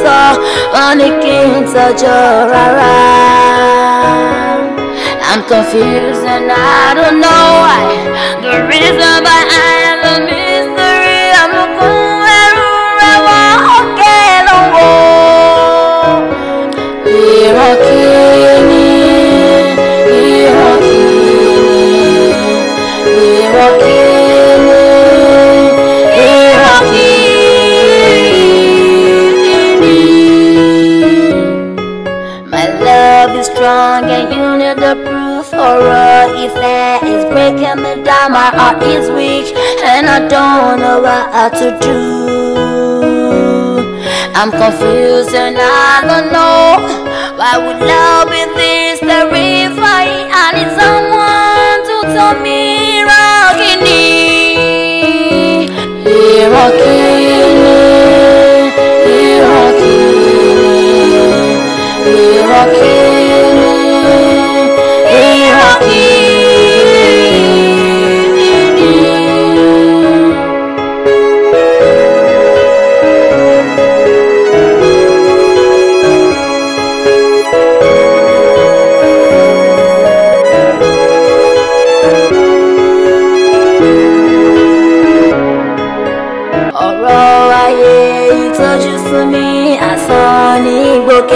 ọ̀tọ̀ wọn ní kí n tọ́jú rárá. I'm confused and I don't know why the reason. my heart is weak and I don't know what to do. I'm confused and I don't know why we love.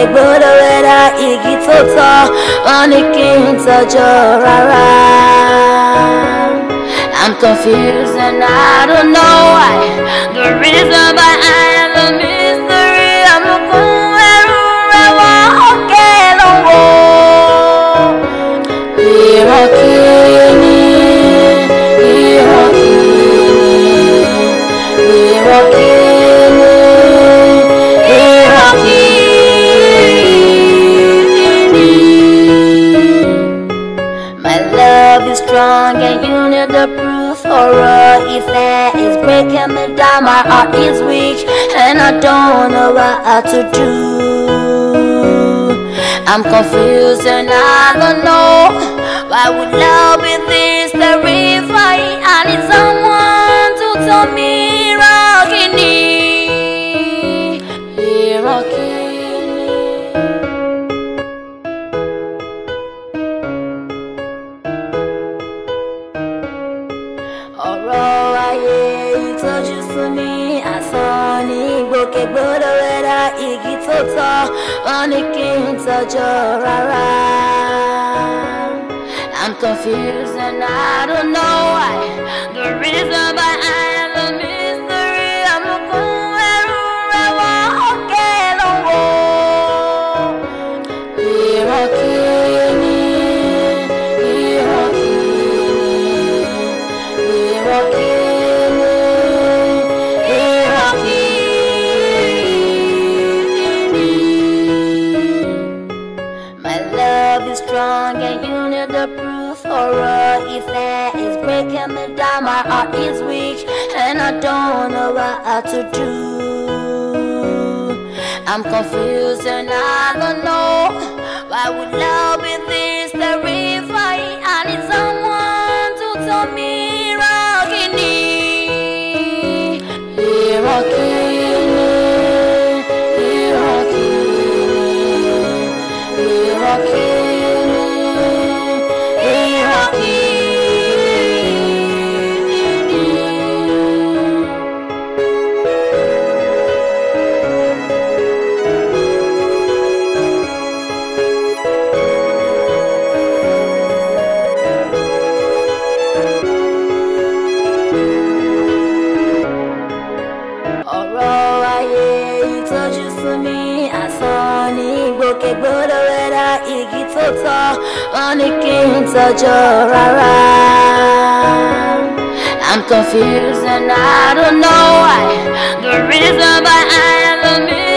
ìgbólórẹ́ra igi tó tọ́ wọn ní kí n tọ́jú rárá. I'm confused and I don't know why the reason. my heart is weak and I don't know what to do. I'm confused and I don't know why would love licking such a rara. I'm confused and I don't know why. The reason why I what to do. I'm confused and I don't know why would love. saw mannequins such a rara I'm confused and I don't know why The reason why I am a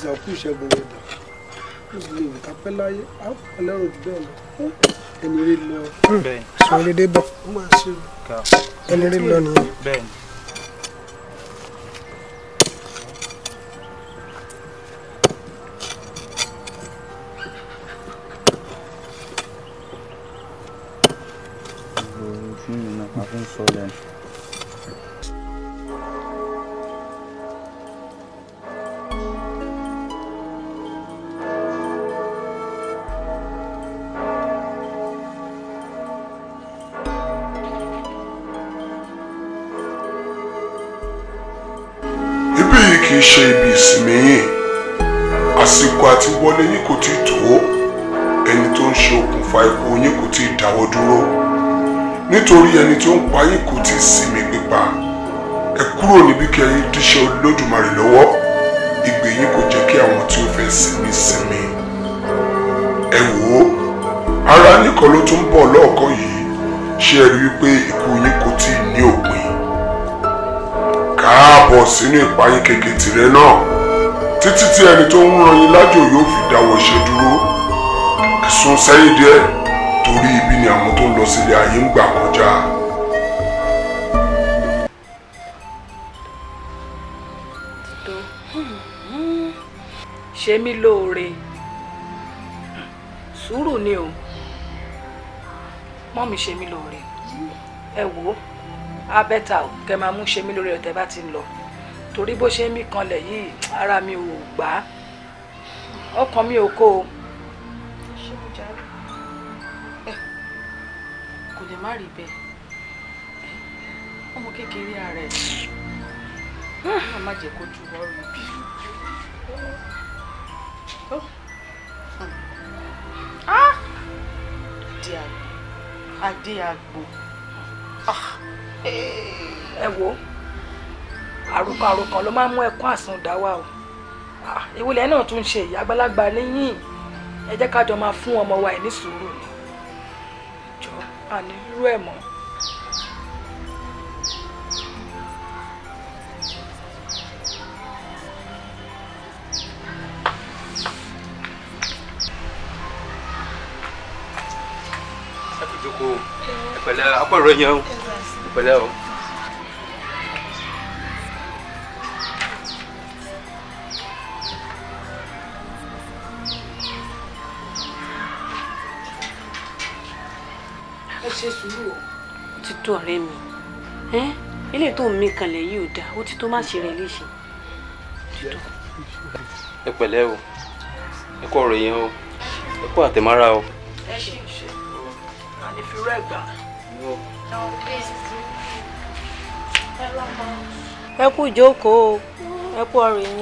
ìsàkú ìṣẹ́gun wẹ̀dà ó sì lè wò kápẹ́ láyé á pọ̀ lẹ́rù jù bẹ́ẹ̀ lọ ẹni rí lọ sọ eré dé bọ̀ ẹni rí lọ nìyẹn. nítorí ẹni tí ó ń pa yín kò tí ì sinmi pípa ẹ kúrò níbi kí ẹ̀yin díṣẹ́ olódùmarè lọ́wọ́ ìgbé yín kò jẹ́ kí àwọn tí ó fẹ́ sinmi sinmi ẹ wò ó ara nìkan ló tún ń bọ̀ lọ́ọ̀kan yìí ṣé ẹ rí wípé ikú yín kò tí ì ní òpin káàbọ̀ sínú ìpayín kèké tìrẹ náà títí tí ẹni tó ń ran yín lájò yóò fi dáwọ́ iṣẹ́ dúró ẹ̀sùn sẹ́yìn díẹ̀ torí ibi ni àwọn tó ń lọ sílé ayé ń gbà kọjá. ṣe mí lóore sùúrù ni o mọ́ mi ṣe mí lóore ẹ wò ó abẹ́ta ò kẹ́ máa mú ṣe mí lóore ọ̀tẹ̀ bá ti ń lọ torí bó ṣe mí kanlẹ̀ yìí ara mi ò gbà ọkàn mi ò kó o. má rí bẹ́ẹ̀ ọmọ kékeré ààrẹ náà má jẹ́ kó ju ọrùn bí. adé àgbò adé àgbò ẹ wo àrùkọ àrùkọ ló máa ń mú ẹkún àsun dá o ìwúlẹ̀ náà tún ń ṣe ìyá àgbàlagbà níyìn ẹ jẹ́ ká jọ máa fún ọmọ wa ẹ̀ ní sùúrù ni àní rú ẹ̀ mọ́. ẹ kò jókòó ẹ pẹ̀lẹ́ apọ̀ ìròyìn ẹ pẹ̀lẹ́ o. dùn ọ̀rẹ́ mi eléyìí tó ń mi kanlẹ̀ yìí ò dáa o ti tó má ṣe rẹ léṣe. ẹ pẹ̀lẹ́ o ẹ kú ọ̀rọ̀ yẹn o ẹ kú àtẹ̀mára o. ẹ ṣe ìṣe a lè fi rẹ́ gbà. ẹ kú jókòó ẹ kú ọ̀rọ̀ yẹn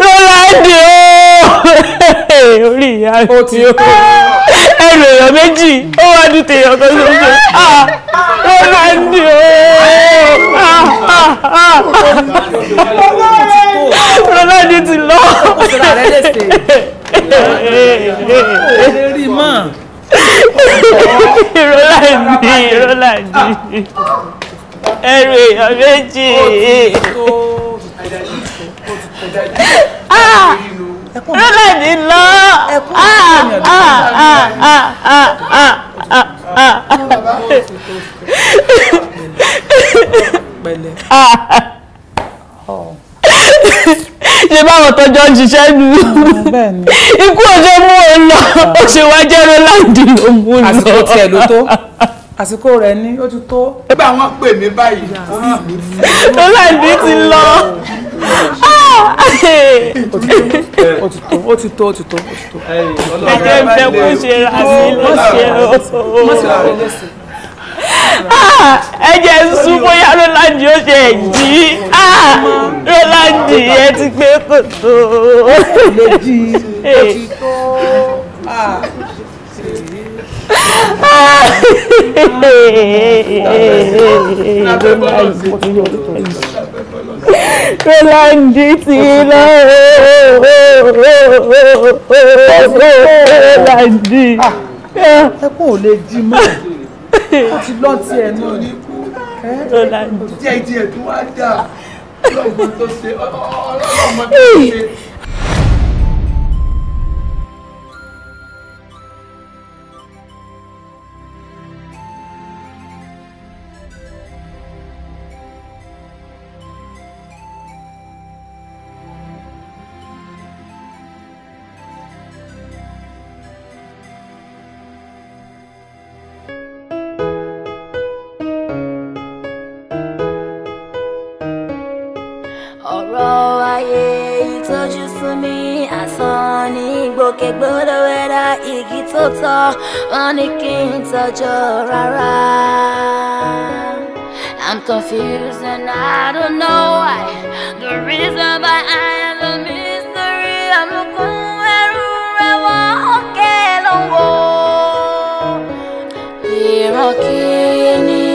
Rolandi orí ìyá mi ó ti ó ẹrù èèyàn méjì ó wá dùn tèèyàn kan ṣoṣo Rolandi o Rolandi ti lọ. Rolandi ẹrù èèyàn méjì. Ah, ah, ah, ah, ah, ah, ah, ah, ṣe báwọn tọjọ ń ṣiṣẹ́ nu ikú ọjọ́ mú ọ lọ ó ṣe wá jẹ́ roland ló mú lọ. àsìkò tiẹ̀ ló tó àsìkò rẹ̀ ni ó ti tó. ẹ bá wọn pè mí báyìí. ọláìdí ti lọ. Ah! ó ti tó ó ti tó ó ti tó ó ti tó. ẹ jẹ́ ń bẹ kó ṣe àmì lọ́sẹ̀ o ah! ẹjẹ sún bóyá Rolandi ó ṣe jí ah! Rolandi ẹ ti pé kò eh. tó. Rolandi ti lọ Rolandi. Ẹkún ò lè jí mọ́, ó ti lọ ti ẹnu. Rolandi. Díẹ̀ díẹ̀ tó wá dà, ọlọ́mọ tó ṣe, ọlọ́mọ tó ṣe. òkè gbọ́dọ̀ wẹ́dà igi tó tọ́ wọn ní kí n tọ́jú rárá. I'm confused and I don't know why. The reason why I am a mystery. I'm looking ẹrú rẹ̀ wá òkè lọ́wọ́. Ìran kìíní,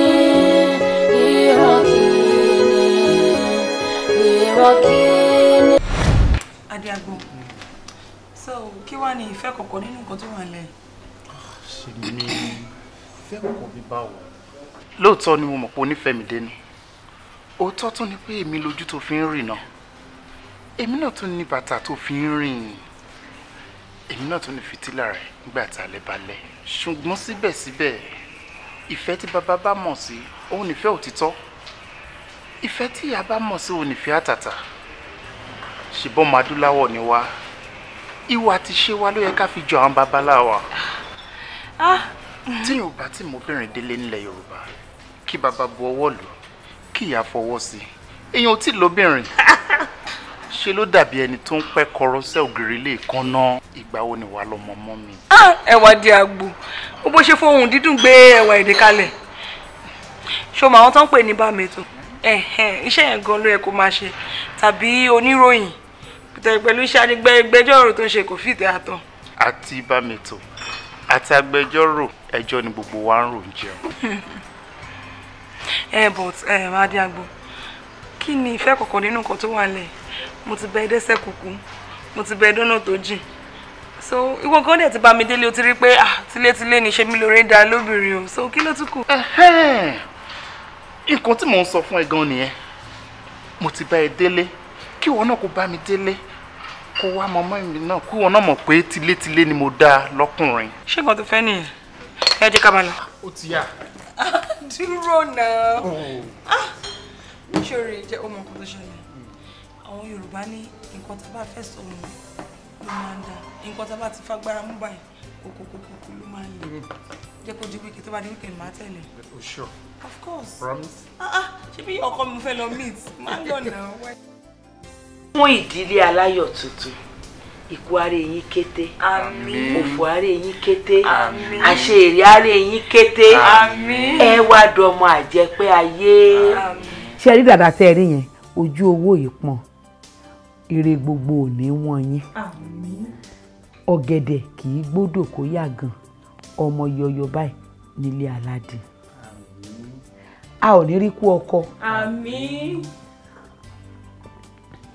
ìran kìíní, ìran ní ìfẹ́ kọ̀kọ̀ nínú nǹkan tó wà lẹ̀. ṣe ni ìfẹ́ kọ̀kọ̀ mi bá wọ̀. lóòótọ́ ni mo mọ̀ pé onífẹ̀ẹ́ mi dénú òótọ́ tún ni pé èmi lójú tó fi ń rìn náà èmi náà tún ní bàtà tó fi ń rìn èmi náà tún ní fìtílà rẹ̀ nígbà tá a lè balẹ̀ ṣùgbọ́n síbẹ̀síbẹ̀ ìfẹ́ tí bàbá bá mọ̀ sí òun nífẹ̀ẹ́ òtítọ́ ìfẹ́ tí ìyá bá mọ̀ sí òun nífẹ̀ẹ́ àtàtà ṣùgbọ́n màdúláwọ̀ ni wá ìwà àti ṣe wa ló yẹ ká fi jọ àwọn babaláwa ah. tí yóò bá tí mo bẹ̀rẹ̀ délé nílẹ̀ yorùbá kí bàbá bu ọwọ́ lù kí ìyá fọwọ́ sí èèyàn ò tí ì lóbìnrin ṣe ló dàbí ẹni tó ń pẹ́ kọrọsẹ́ ògiri lè kanná ìgbà wo ni wà lọ́mọ mọ́ mi. Ah, ẹ̀wà di àgbo ó bó ṣe fohùn dídùn gbé ẹ̀wà èdè kalẹ̀ ṣo màá tán pè ní bàmẹ́tò iṣẹ́ yẹn gan ló yẹ kó máa ṣe tàbí oníròyìn tẹ pẹ̀lú iṣẹ́ anigbẹjọ́rò tó ń ṣe kò fìtẹ́ àtọ̀. àti bámẹ́tò àti agbẹjọ́rò ẹjọ́ ni gbogbo wa ń rò ń jẹun. ẹ eh, but ẹ eh, adiagbo kí ni ìfẹ́ kọ̀ọ̀kan nínú nǹkan tó wà lẹ̀ mo ti bẹ ẹ dẹ́sẹ̀ kúkú mo ti bẹ ẹ dọ́nà tó jìn so ìwọ gan dẹ̀ ti bá mi délé o ti rí pé ah tilétilé ni ṣe mí lóore ń da lóbìnrin o so kí ló tún kù. nǹkan tí mò ń sọ fún ẹ gan nìyẹn mo ti bá ẹ délé kí ìwọ náà kó bá mi délé kó wá mọ́mọ́ mi náà kí wọn náà mọ̀ pé tilétilé ni mo dáa lọ́kùnrin. ṣé nǹkan tó fẹ́ nìyẹn ẹ jẹ́ ká máa lọ. ó ti yá. Ah, dúró náà oh. ah, níṣòro ìjẹ́ ọmọ nǹkan tó ṣẹlẹ̀ àwọn Yorùbá ní nǹkan tá a bá fẹ́ sọ òun ló máa ń da nǹkan tá bá ti fagbára mú báyìí kókókókó ló máa ń le jẹ́ kó di wíkì tó bá di wíkì máa tẹ̀lé. Oh, of course. promise. Ah, ṣé bí ọkọ mi fẹ́ lọ meet máa ń lọ náà wẹ́ẹ́ fún ìdílé aláyọ̀ tuntun ìkú ara yín kété àmín òfò ara yín kété àmín àṣẹ èrè ara yín kété àmín ẹ wá dọmọ àjẹpẹ́ ayé. ṣé ẹ rí dàda tẹ́ ẹ rí yẹn ojú owó yìí pọ́n gbogbo ò wọ́n yín ọ̀gẹ̀dẹ̀ kì í gbódò kó yàgàn ọmọ yọyọ báyìí nílé aládìí a ò ní rí kú ọkọ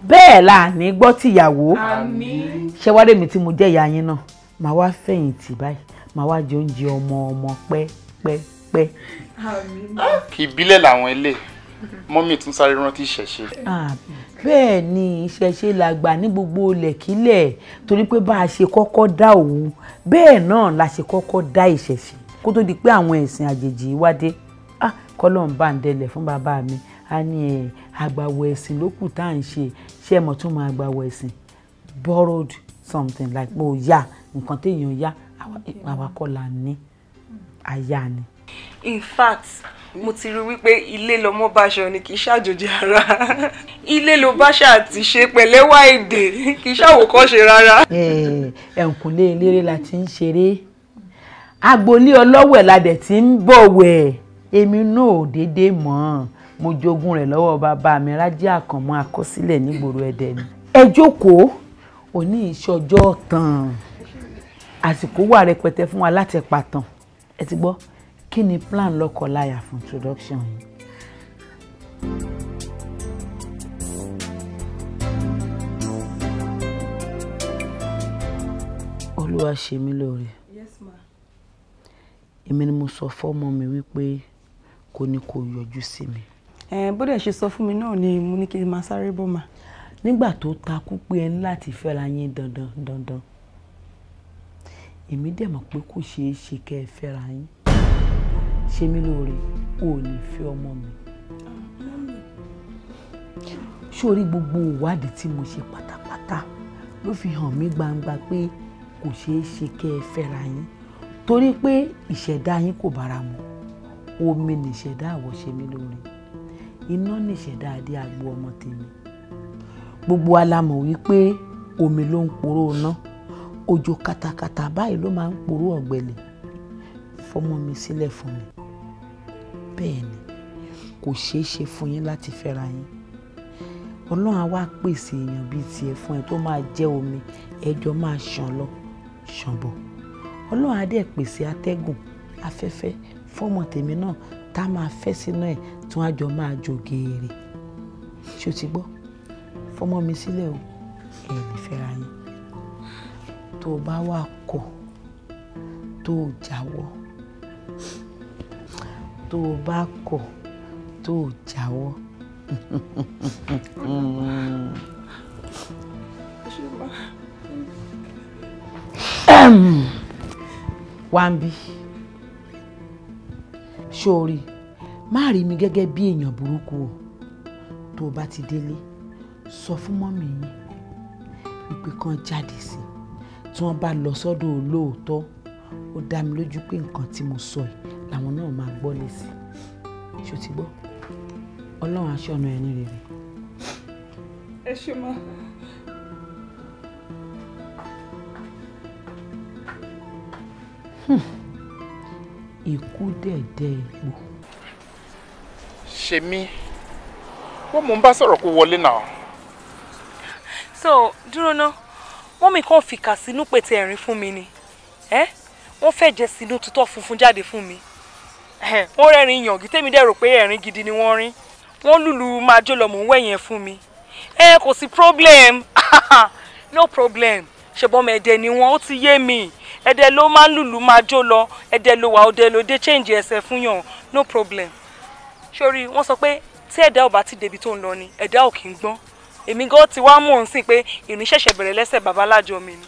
bẹ́ẹ̀ la ní gbọ́ tìyàwó ṣẹ́wárẹ́ mi tí mo jẹ́ ìyá yín náà màá wá fẹ̀yìntì báyìí màá wá jẹ oúnjẹ ọmọ ọmọ pẹ́pẹ́pẹ́. Ah, ìbílẹ̀ làwọn ilé mọ́mì tún sáré rántí ìṣẹ̀ṣe. Ah, bẹ́ẹ̀ ni ìṣẹ̀ṣe làgbà ní gbogbo lẹ̀kílẹ̀ torí pé bá a ṣe kọ́kọ́ dá òun bẹ́ẹ̀ náà la ṣe kọ́kọ́ dá ìṣẹ̀ṣe kó tó di pé àwọn ẹ̀sìn àjèjì wá dé ah, kọ́lọ́ọ̀ bá ń dẹlẹ̀ mi a ní ẹ̀ àgbàwọ̀ ẹ̀sìn ló tá à ń ṣe ṣé ẹ̀ mọ̀ tún mọ àgbàwọ̀ ẹ̀sìn borrowed something like mo yá nǹkan téèyàn yá àwa kọ́ la ni. in fact mo ti rí wípé ilé lọmọ báṣọ ni kì í ṣàjòjì ara ilé ló báṣà ti ṣe pẹ̀lẹ́wà èdè kì í ṣàwòkọ́ṣe rárá. ẹ̀ǹkùnlé eléré la ti ń ṣeré agboolé ọlọ́wẹ̀ la dẹ̀ ti ń bọ̀wẹ̀ èmi náà ò déédéé mọ́ ọ́n mo jogún rẹ̀ lọ́wọ́ bàbá mi rájí àkànmọ́ àkọsílẹ̀ nígboro ẹ̀dẹ̀ ni. ẹ jókòó òní ìṣọjọ́ tán àsìkò wà rẹpẹtẹ fún wa láti pàtàn ẹ ti gbọ́ kí ni plan lọ́kọláya fún introduction yìí. olúwa ṣe mí lóore yes ma èmi ni mo sọ fọ́mọ mi wípé kò ní kó yọjú sí mi bóde ṣe sọ fún mi náà ni mo ní kí n máa sáré bọ̀ mà. nígbà tó takú pé ẹ ní láti fẹ́ra yín dandan dandan èmi dẹ̀ mọ̀ pé kò ṣeé ṣe kẹ́ ẹ fẹ́ra yín ṣe mí lóore o ò ní fẹ́ ọmọ mi sórí gbogbo ìwádìí tí mo ṣe pátápátá ló fi hàn mí gbangba pé kò ṣeé ṣe kẹ́ ẹ fẹ́ra yín torí pé ìṣẹ̀dá yín kò bára mu omi nìṣẹ̀dá àwọ̀ ṣe mí lóore iná nìṣẹ̀dá adé agbo ọmọ tèmi gbogbo wa la mọ̀ wípé omi ló ń poró ná òjò katakata báyìí ló máa ń poró ọ̀gbẹlẹ̀ fọmọ mi sílẹ̀ fún mi bẹ́ẹ̀ ni kò ṣeé ṣe fún yín láti fẹ́ra yín ọlọ́run á wá pèsè èèyàn bíi tiẹ̀ fún ẹ tó máa jẹ́ omi ẹjọ́ máa ṣàn lọ ṣàn bọ̀ ọlọ́run á dẹ̀ pèsè atẹ́gùn afẹ́fẹ́ fọmọ tèmi náà tá a máa fẹ́ sínú ẹ̀ tí wọ́n á jọ máa jó geere ṣó ti gbọ́ fọmọ mi sílẹ̀ o ẹ̀ lè fẹ́ra yín tó o bá wà kọ̀ tó o jáwọ́ tó o bá kọ̀ tó o jáwọ́. wambi sórí má rí mi gẹ́gẹ́ bí èèyàn burúkú o tó o bá ti délé sọ fún mọ́mì yín ìpè kan jáde sí tí wọ́n bá lọ sọ́dọ̀ olóòótọ́ ó dá mi lójú pé nǹkan tí mo sọ yìí làwọn náà máa gbọ́ lé sí ṣó ti gbọ́ ọlọ́run aṣọ ọ̀nà ẹni rere. ẹ ṣe máa. Hmm ikú dẹ̀dẹ̀ epo. ṣèmi wọ́n mò ń bá sọ̀rọ̀ kó wọlé náà. so dúró ná wọ́n mi kàn fìkà sínú pètè ẹ̀rín fún mi ni wọ́n fẹ́ jẹ sínú tutọ́ funfun jáde fún mi wọ́n rẹ́rìn yàngí tèmi dẹ̀ rò pé ẹ̀rín gidi ni wọ́n rín wọ́n lùlù máa jó lọ mò ń wẹ̀yẹn fún mi ẹ kò sí problem no problem ṣùgbọ́n mẹ̀ẹ́dẹ̀ ni wọ́n ó ti yé mi ẹ̀dẹ̀ ló máa ń lùlù máa jó lọ ẹ̀dẹ̀ ló wà ọ̀dẹ̀ ló dé change ẹsẹ̀ fún yàn no problem sórí wọ́n sọ pé tí ẹ̀dá ò bá ti débi tó ń lọ ni ẹ̀dá ò kì í gbọ́n èmi gan ti wá mọ̀ ń sìn pé ìrìn ṣẹ̀ṣẹ̀ bẹ̀rẹ̀ lẹ́sẹ̀ babalájọ mi ni.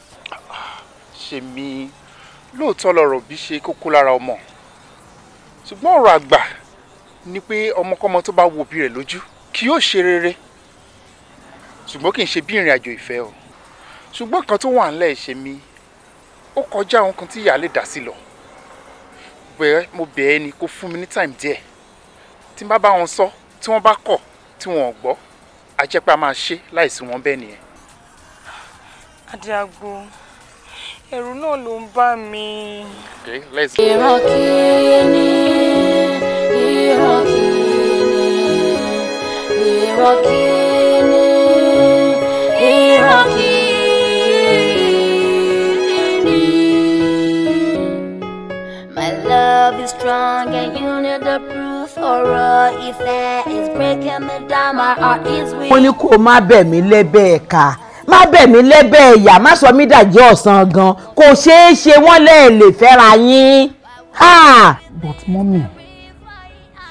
ṣe mi lóòótọ́ lọ̀rọ̀ bí ṣe kókó lára ọmọ ṣùgbọ́n ọ̀rọ̀ àgbà ni pé ọmọkọ́mọ tó bá wo òbí rẹ̀ lójú kì yóò ṣe rere ṣùgbọ́n kì í ṣe bí ìrìn àjò ìfẹ́ o ṣùgbọ́n kan tó wà ńlẹ̀ ṣe mi ó kọjá àwọn kan tí ìyá lè dá sí lọ bẹ́ẹ̀ mo bẹ̀ ẹ́ ni kó fún mi ní time díẹ̀ tí n bá bá wọn sọ tí wọ́n bá kọ̀ tí wọn ò gbọ́ a jẹ́ pé a máa ṣe láìsí wọn bẹ́ẹ̀ nìyẹn. adiago ẹ̀rù náà ló ń bá mi. ìrọ̀ kìíní ìrọ̀ kìíní ìrọ̀ love is strong and you need the proof ọ̀rọ̀ ìfẹ́ is breaking me down my heart is weak. wọ́n ní kó má bẹ̀ mí lẹ́bẹ̀ ẹ̀ka má bẹ̀ mí lẹ́bẹ̀ ẹ̀yà má sọ mí dàjẹ́ ọ̀sán gan kò ṣeé ṣe wọ́n lẹ́ẹ̀ lè fẹ́ra yín. but mọ́mì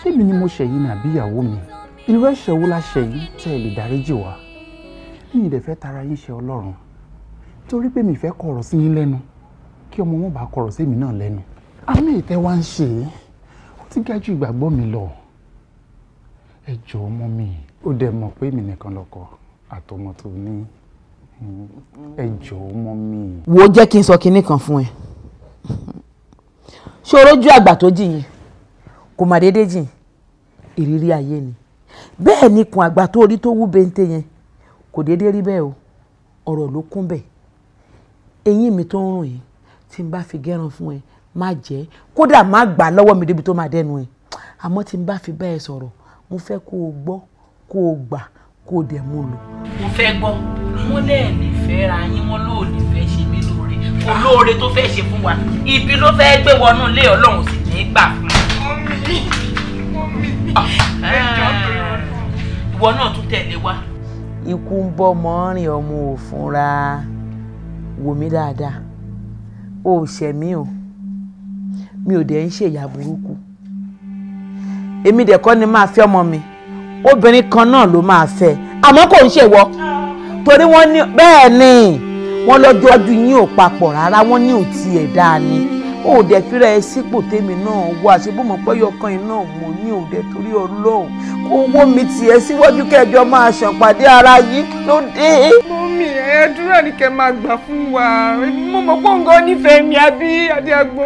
ṣémi ni mo ṣẹ̀yìn àbí ìyàwó mi irú ẹ̀ṣẹ̀ wo la ṣẹ̀yìn tẹ́ ẹ lè dáríjì wá mi ì dẹ̀ fẹ́ tara yín ṣe ọlọ́run torí pé mi fẹ́ kọ̀rọ̀ sí yín lẹ́nu kí ọmọ wọn bá kọ̀rọ̀ sí mi náà lẹ́nu àmì ìtẹ́ wá ń ṣe é ó ti ga ju ìgbàgbọ́ mi lọ ẹ jọ ọmọ mi ó dẹ̀ mọ̀ pé èmi nìkan lọ́kọ àtọmọ tó ní ẹ jọ ọmọ mi. wo jẹ́ kí n sọ kinní kan fún ẹ ṣòro ju àgbà tó jì kò má déédéé jìn ìrírí ayé ni bẹ́ẹ̀ ni kun àgbà tó rí tó wú bente yẹn kò déédéé rí bẹ́ẹ̀ o ọ̀rọ̀ ló kún bẹ́ẹ̀ eyín mi tó ń rùn yìí tí n bá fi gẹ́ran fún ẹ má jẹ́ kódà má gbà lọ́wọ́ mi débi tó máa dẹnu ẹ̀ àmọ́ tí n bá fi bẹ́ẹ̀ sọ̀rọ̀ mo fẹ́ kó o gbọ́ kó o gbà kó o dẹ̀ mú lò. mo fẹ́ gbọ́ mo lẹ́ẹ̀ni fẹ́ ra yín wọn lóò ní fẹ́ ṣe mí lóore olóore tó fẹ́ ṣe fún wa ibi ló fẹ́ gbé wọnú ilé ọlọ́run sì ní í gbà fún mi. ìwọ náà tún tẹ̀lé wa. ikú ń bọ́ mọ́rin ọmọ òfúnra wò mí dáadáa ó ṣẹ̀mí o mi ò dẹ̀ ń ṣe ìyá burúkú èmi dẹ̀ kọ́ ni máa fẹ́ ọmọ mi obìnrin kan náà ló máa fẹ́ àmọ́ kò ń ṣèwọ torí wọ́n ní bẹ́ẹ̀ ni wọ́n lọ́jọ́ ọdún yín ò papọ̀ rárá wọ́n ní ò tiẹ̀ dáa ni ó dẹ̀ fira ẹ sípò tèmi náà wá àṣebùmọ̀ pẹ́yọkan iná mọ̀ ní òde torí ọlọ́run kó wọ́n mi tiẹ̀ síwájú kẹjọ máa ṣàpàdé ara yìí kí ló dé. mọ́mí ẹ dúró ní kẹ́ máa gbà fún wa mo mọ̀ pọ́ńgọ́ nífẹ̀ẹ́ mi àbí adé àgbo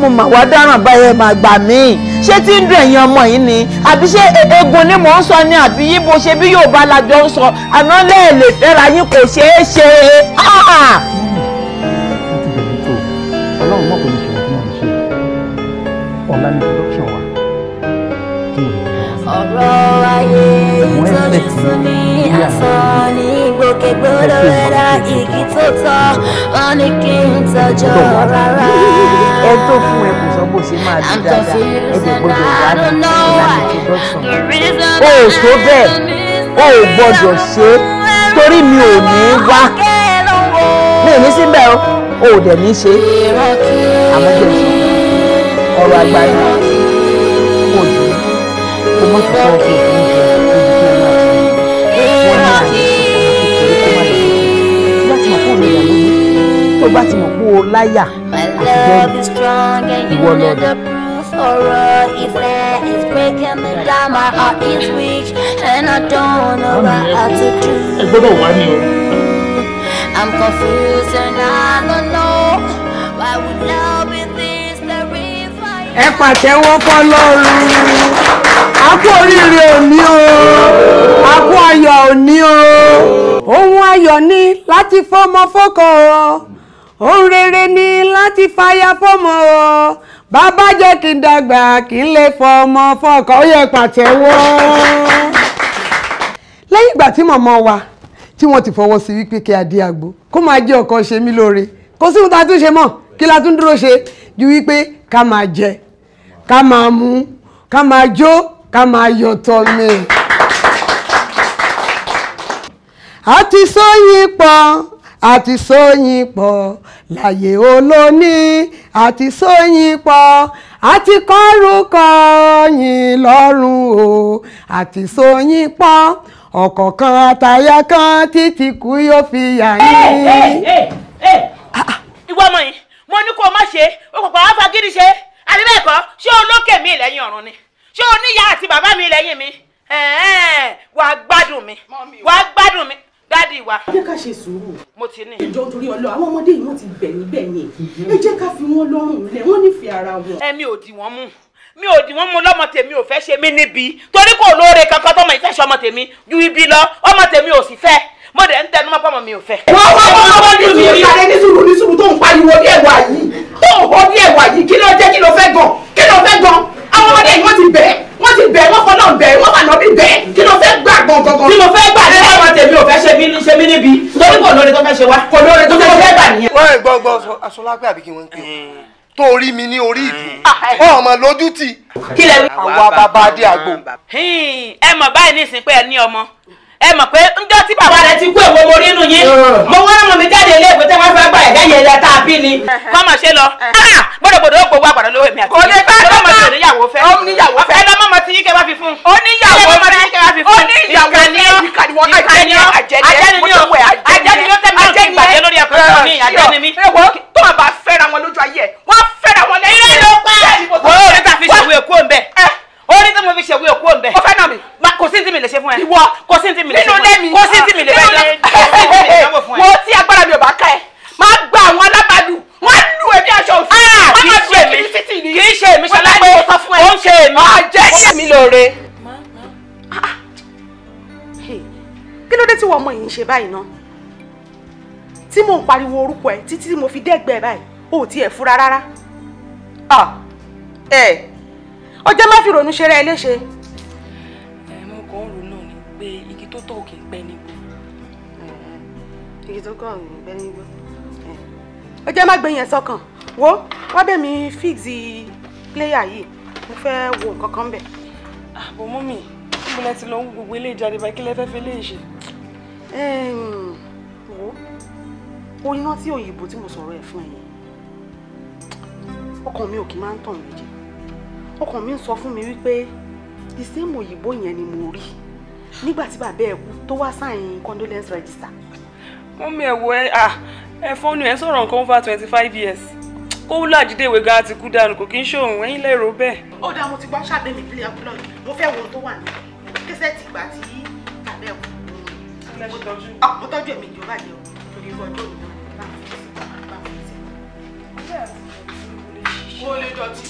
mo mà wá dáràn báyẹn mà gbà mí ṣé tí ń dùn ẹ̀yin ọmọ yìí ni àbí ṣé egun ni mò ń sọ ni àbí yíbo ṣe bí Yorùbá la jọ ń sọ àná lẹ́ẹ̀lẹ̀ fẹ́ra yín kò ṣe. Ah! ọlọ́run ṣe ọ̀rọ̀ ayé ìtọ́jú sùn ní àfọ̀ní ìgbòkègbodò ẹ̀dá igi tó bẹ́ẹ̀ o ò ṣe torí mi ò ní wá mi ò ní síbẹ̀ o ò dẹ̀ ní ṣe àmọ́ jẹ́ sọ ọ̀rọ̀ àgbáyé kò dé kò mọ̀ tó kọ́ fún mi. tó bá ti mọ̀ pé o láyà àtẹ̀lẹ́ ìwọ lọ rẹ̀. Sorrow if there is breaking me down, my heart is weak, and I don't know what to do. I'm confused and I don't know why would love be this terrifying. Ẹ pàtẹ́wọ́ fọ́lọ́run a kú oríire òní o a kú ayọ̀ òní o ohun ayọ̀ ni láti fọmọ fọ́kọ o ohun rere ni láti fàyà fọmọ o bàbá jẹ́ kí n dàgbà kí n lè fọmọ fọkàn ó yẹ pàtẹ́wọ́. lẹ́yìn ìgbà tí mọ̀mọ́ wa tí wọ́n ti fọwọ́ sí wípé kí a di àgbo kó máa jẹ́ ọkọ ṣe mí lóore kò sí ohun tá a tún ṣe mọ́ kí la tún dúró ṣe ju wípé ká máa jẹ ká máa mu ká máa jó ká máa yọ̀tọ̀ mi. a ti sọ́yìn pọ̀ àti sóyìn pọ̀ láyé olóní àti sóyìn pọ̀ àti kọ́rùkọ yìn lọ́rùn o àti sóyìn pọ̀ ọ̀kọ̀ọ̀kan àtàyà kan títí kú yóò fi yà yín. ìwọ ọmọ yìí mo ní kó o má ṣe o kò pa wá fagídí ṣe àbí bẹ́ẹ̀ kọ́ ṣé olókè mi lẹ́yìn ọ̀run ni ṣé oníyà àti bàbá mi lẹ́yìn mi wàá gbádùn mi wàá gbádùn mi dádì wa. jẹ́ ká ṣe sùúrù. mo ti ní. ìjọ torí ọlọ àwọn ọmọdé yìí wọ́n ti bẹ̀yìn bẹ̀yìn ẹ jẹ́ ká fi wọ́n lọ́rùn lẹ̀ wọ́n nífẹ̀ẹ́ ara wọn. ẹ ò dì wọ́n mú mi ò dì wọ́n mú lọ́mọ tèmi ò fẹ́ ṣe mí níbi torí kò lóore kankan tọ́mọ ìfẹ́ ṣe ọmọ tèmi ju ibi lọ ọmọ tèmi ò sì fẹ́ mo dẹ̀ ń tẹnu mọ́ mi ò fẹ́. wọ́n wọ́n wọ́n wọ́n ní sùúrù ìsàlẹ̀ ní sùúrù ní tó ń pariwo ní ẹ̀wà yìí tó ń hó ní ẹ̀wà yìí kí ló jẹ́ kí ló fẹ́ gan kí ló fẹ́ gan àwọn ọmọdé yìí wọ́n ti bẹ̀ẹ́ wọ́n ti bẹ̀ẹ́ wọ́n fọlọ́ bẹ̀ẹ́ wọ́n fànà bí bẹ̀ẹ́ kí ló fẹ́ gbà gbọ̀ngbọ̀ngbọ̀. kí ló fẹ́ gbà ní ọmọ tèmi ò fẹ́ ṣe mí ṣe mí níbi torí kò lóore tó fẹ́ ṣe wá kò lóore tó fẹ́ gbà nìyẹn. wọ́n ẹ̀ gbọ́ gbọ́ aṣọlágbé àbí kí wọ́n ń pè é tó rí mi ní orí ìlú ah, wọ́n mọ̀ lójú tì. kí lẹ wí. àwa bàbá adé àgbo. ẹ mọ̀ báyìí nísìnyí pé ẹ ní ọmọ ẹ mọ̀ pé njọ́ tí bàbá rẹ̀ ti kú èwo mo rí inú yín mo wọ́n rán mi jáde ilé ìwé tí wọ́n fẹ́ gbà ẹ̀dá yẹn lẹ́ta bí ni. kọ́mọ ṣe lọ gbọdọgbọdọ ó gbowó àgbàdo lówó èmi àti ìyá kọ́mọ ṣe oníyàwó fẹ́ oníyàwó fẹ́ ẹlọ́mọ ọmọ tí yíkẹ́ bá fi fún. oníyàwó fẹ́ oníyàwó fẹ́ ìkànnìyàn ìkànnìyàn àjẹniyàn àjẹniyàn tẹ́lẹ̀ ọ̀gbìn ìbàjẹ́ lórí ẹ̀kọ́ mi àjẹnimi. tó o bá fẹ́ra wọn lójú ayé wọn fẹ́ra wọn lẹ́yìn. ilé ló pa. wọ́n ò ní tàfi ṣòwò èkó ń bẹ̀ orí tí mo fi ṣèwé òkú òǹbẹ. ó fẹ́ nà mí. kò sí ti mi lè ṣe fún ẹ. ìwọ kò sí ti mi lè ṣe fún ẹ. nínú lẹ́mi kò sí ti mi lè bẹ́ẹ̀ dá. mo ti agbára mi ò bá ká ẹ máa gba àwọn alábàálù wọn á lu ẹbí aṣọ òfin. Ah, kì í ṣe mi kì í ṣe mi ṣọlá pé ó sọ fún ẹ. ó ń ṣe mi. ọjọ́ ṣe mi lóore. kí ló dé tí wọ́n mọ yìí ń ṣe báyìí náà tí mò ń pariwo orúkọ ẹ títí tí mo fi dẹ́gbẹ́ báyìí ó tiẹ̀ fura rárá. Ah. ẹ ọjọ́ má fi ronú ṣeré ẹ léṣe. ẹ̀mú kan rò náà ni pé igi tó tọ̀ kì í pẹ́ nígbó. igi tó kàn ń pẹ́ nígbó. ọjọ́ má gbẹ̀yìn ẹ̀ sọ́kàn wo wá bẹ̀ mí fíìsì pléyà yìí mo fẹ́ wo nǹkan kan bẹ̀. àbọ̀ ah, mọ́mì níbo lẹ ti lọ ń gbogbo ilé ìjáde bá kí lẹ fẹ́ fi lè ṣe. wo oyin náà tí òyìnbó tí mo sọ̀rọ̀ ẹ̀ fún ẹ̀yìn ọkàn mi ò kì í máa ń tàn méjì ọkàn mi ń sọ fún mi wípé the òyìnbó yẹn ni mo rí nígbà tí bàbá ẹ kú tó wá sáyìn condolence register. mọ́mí ẹ̀ wo ẹ ẹ fọ́nù ẹ sọ̀rọ̀ nǹkan over twenty five years kó wúlò àjídé ìwé gan àti kú dànù kò kí ń ṣòhun ẹ̀yin lẹ́rọ bẹ́ẹ̀. ó dáa mo ti gbọ́ ṣàbẹ̀ mi pílẹ̀ ọkùnrin mo fẹ́ wo ohun tó wà nílẹ̀ kẹsẹ̀ ti gbà tí bàbá ẹ kú. mo tọ́jú ẹ̀mí ìjọba yẹn o torí irú ọjọ́ ìlú náà bá mi sí i bá mi sí i. mo lè dọ̀tí.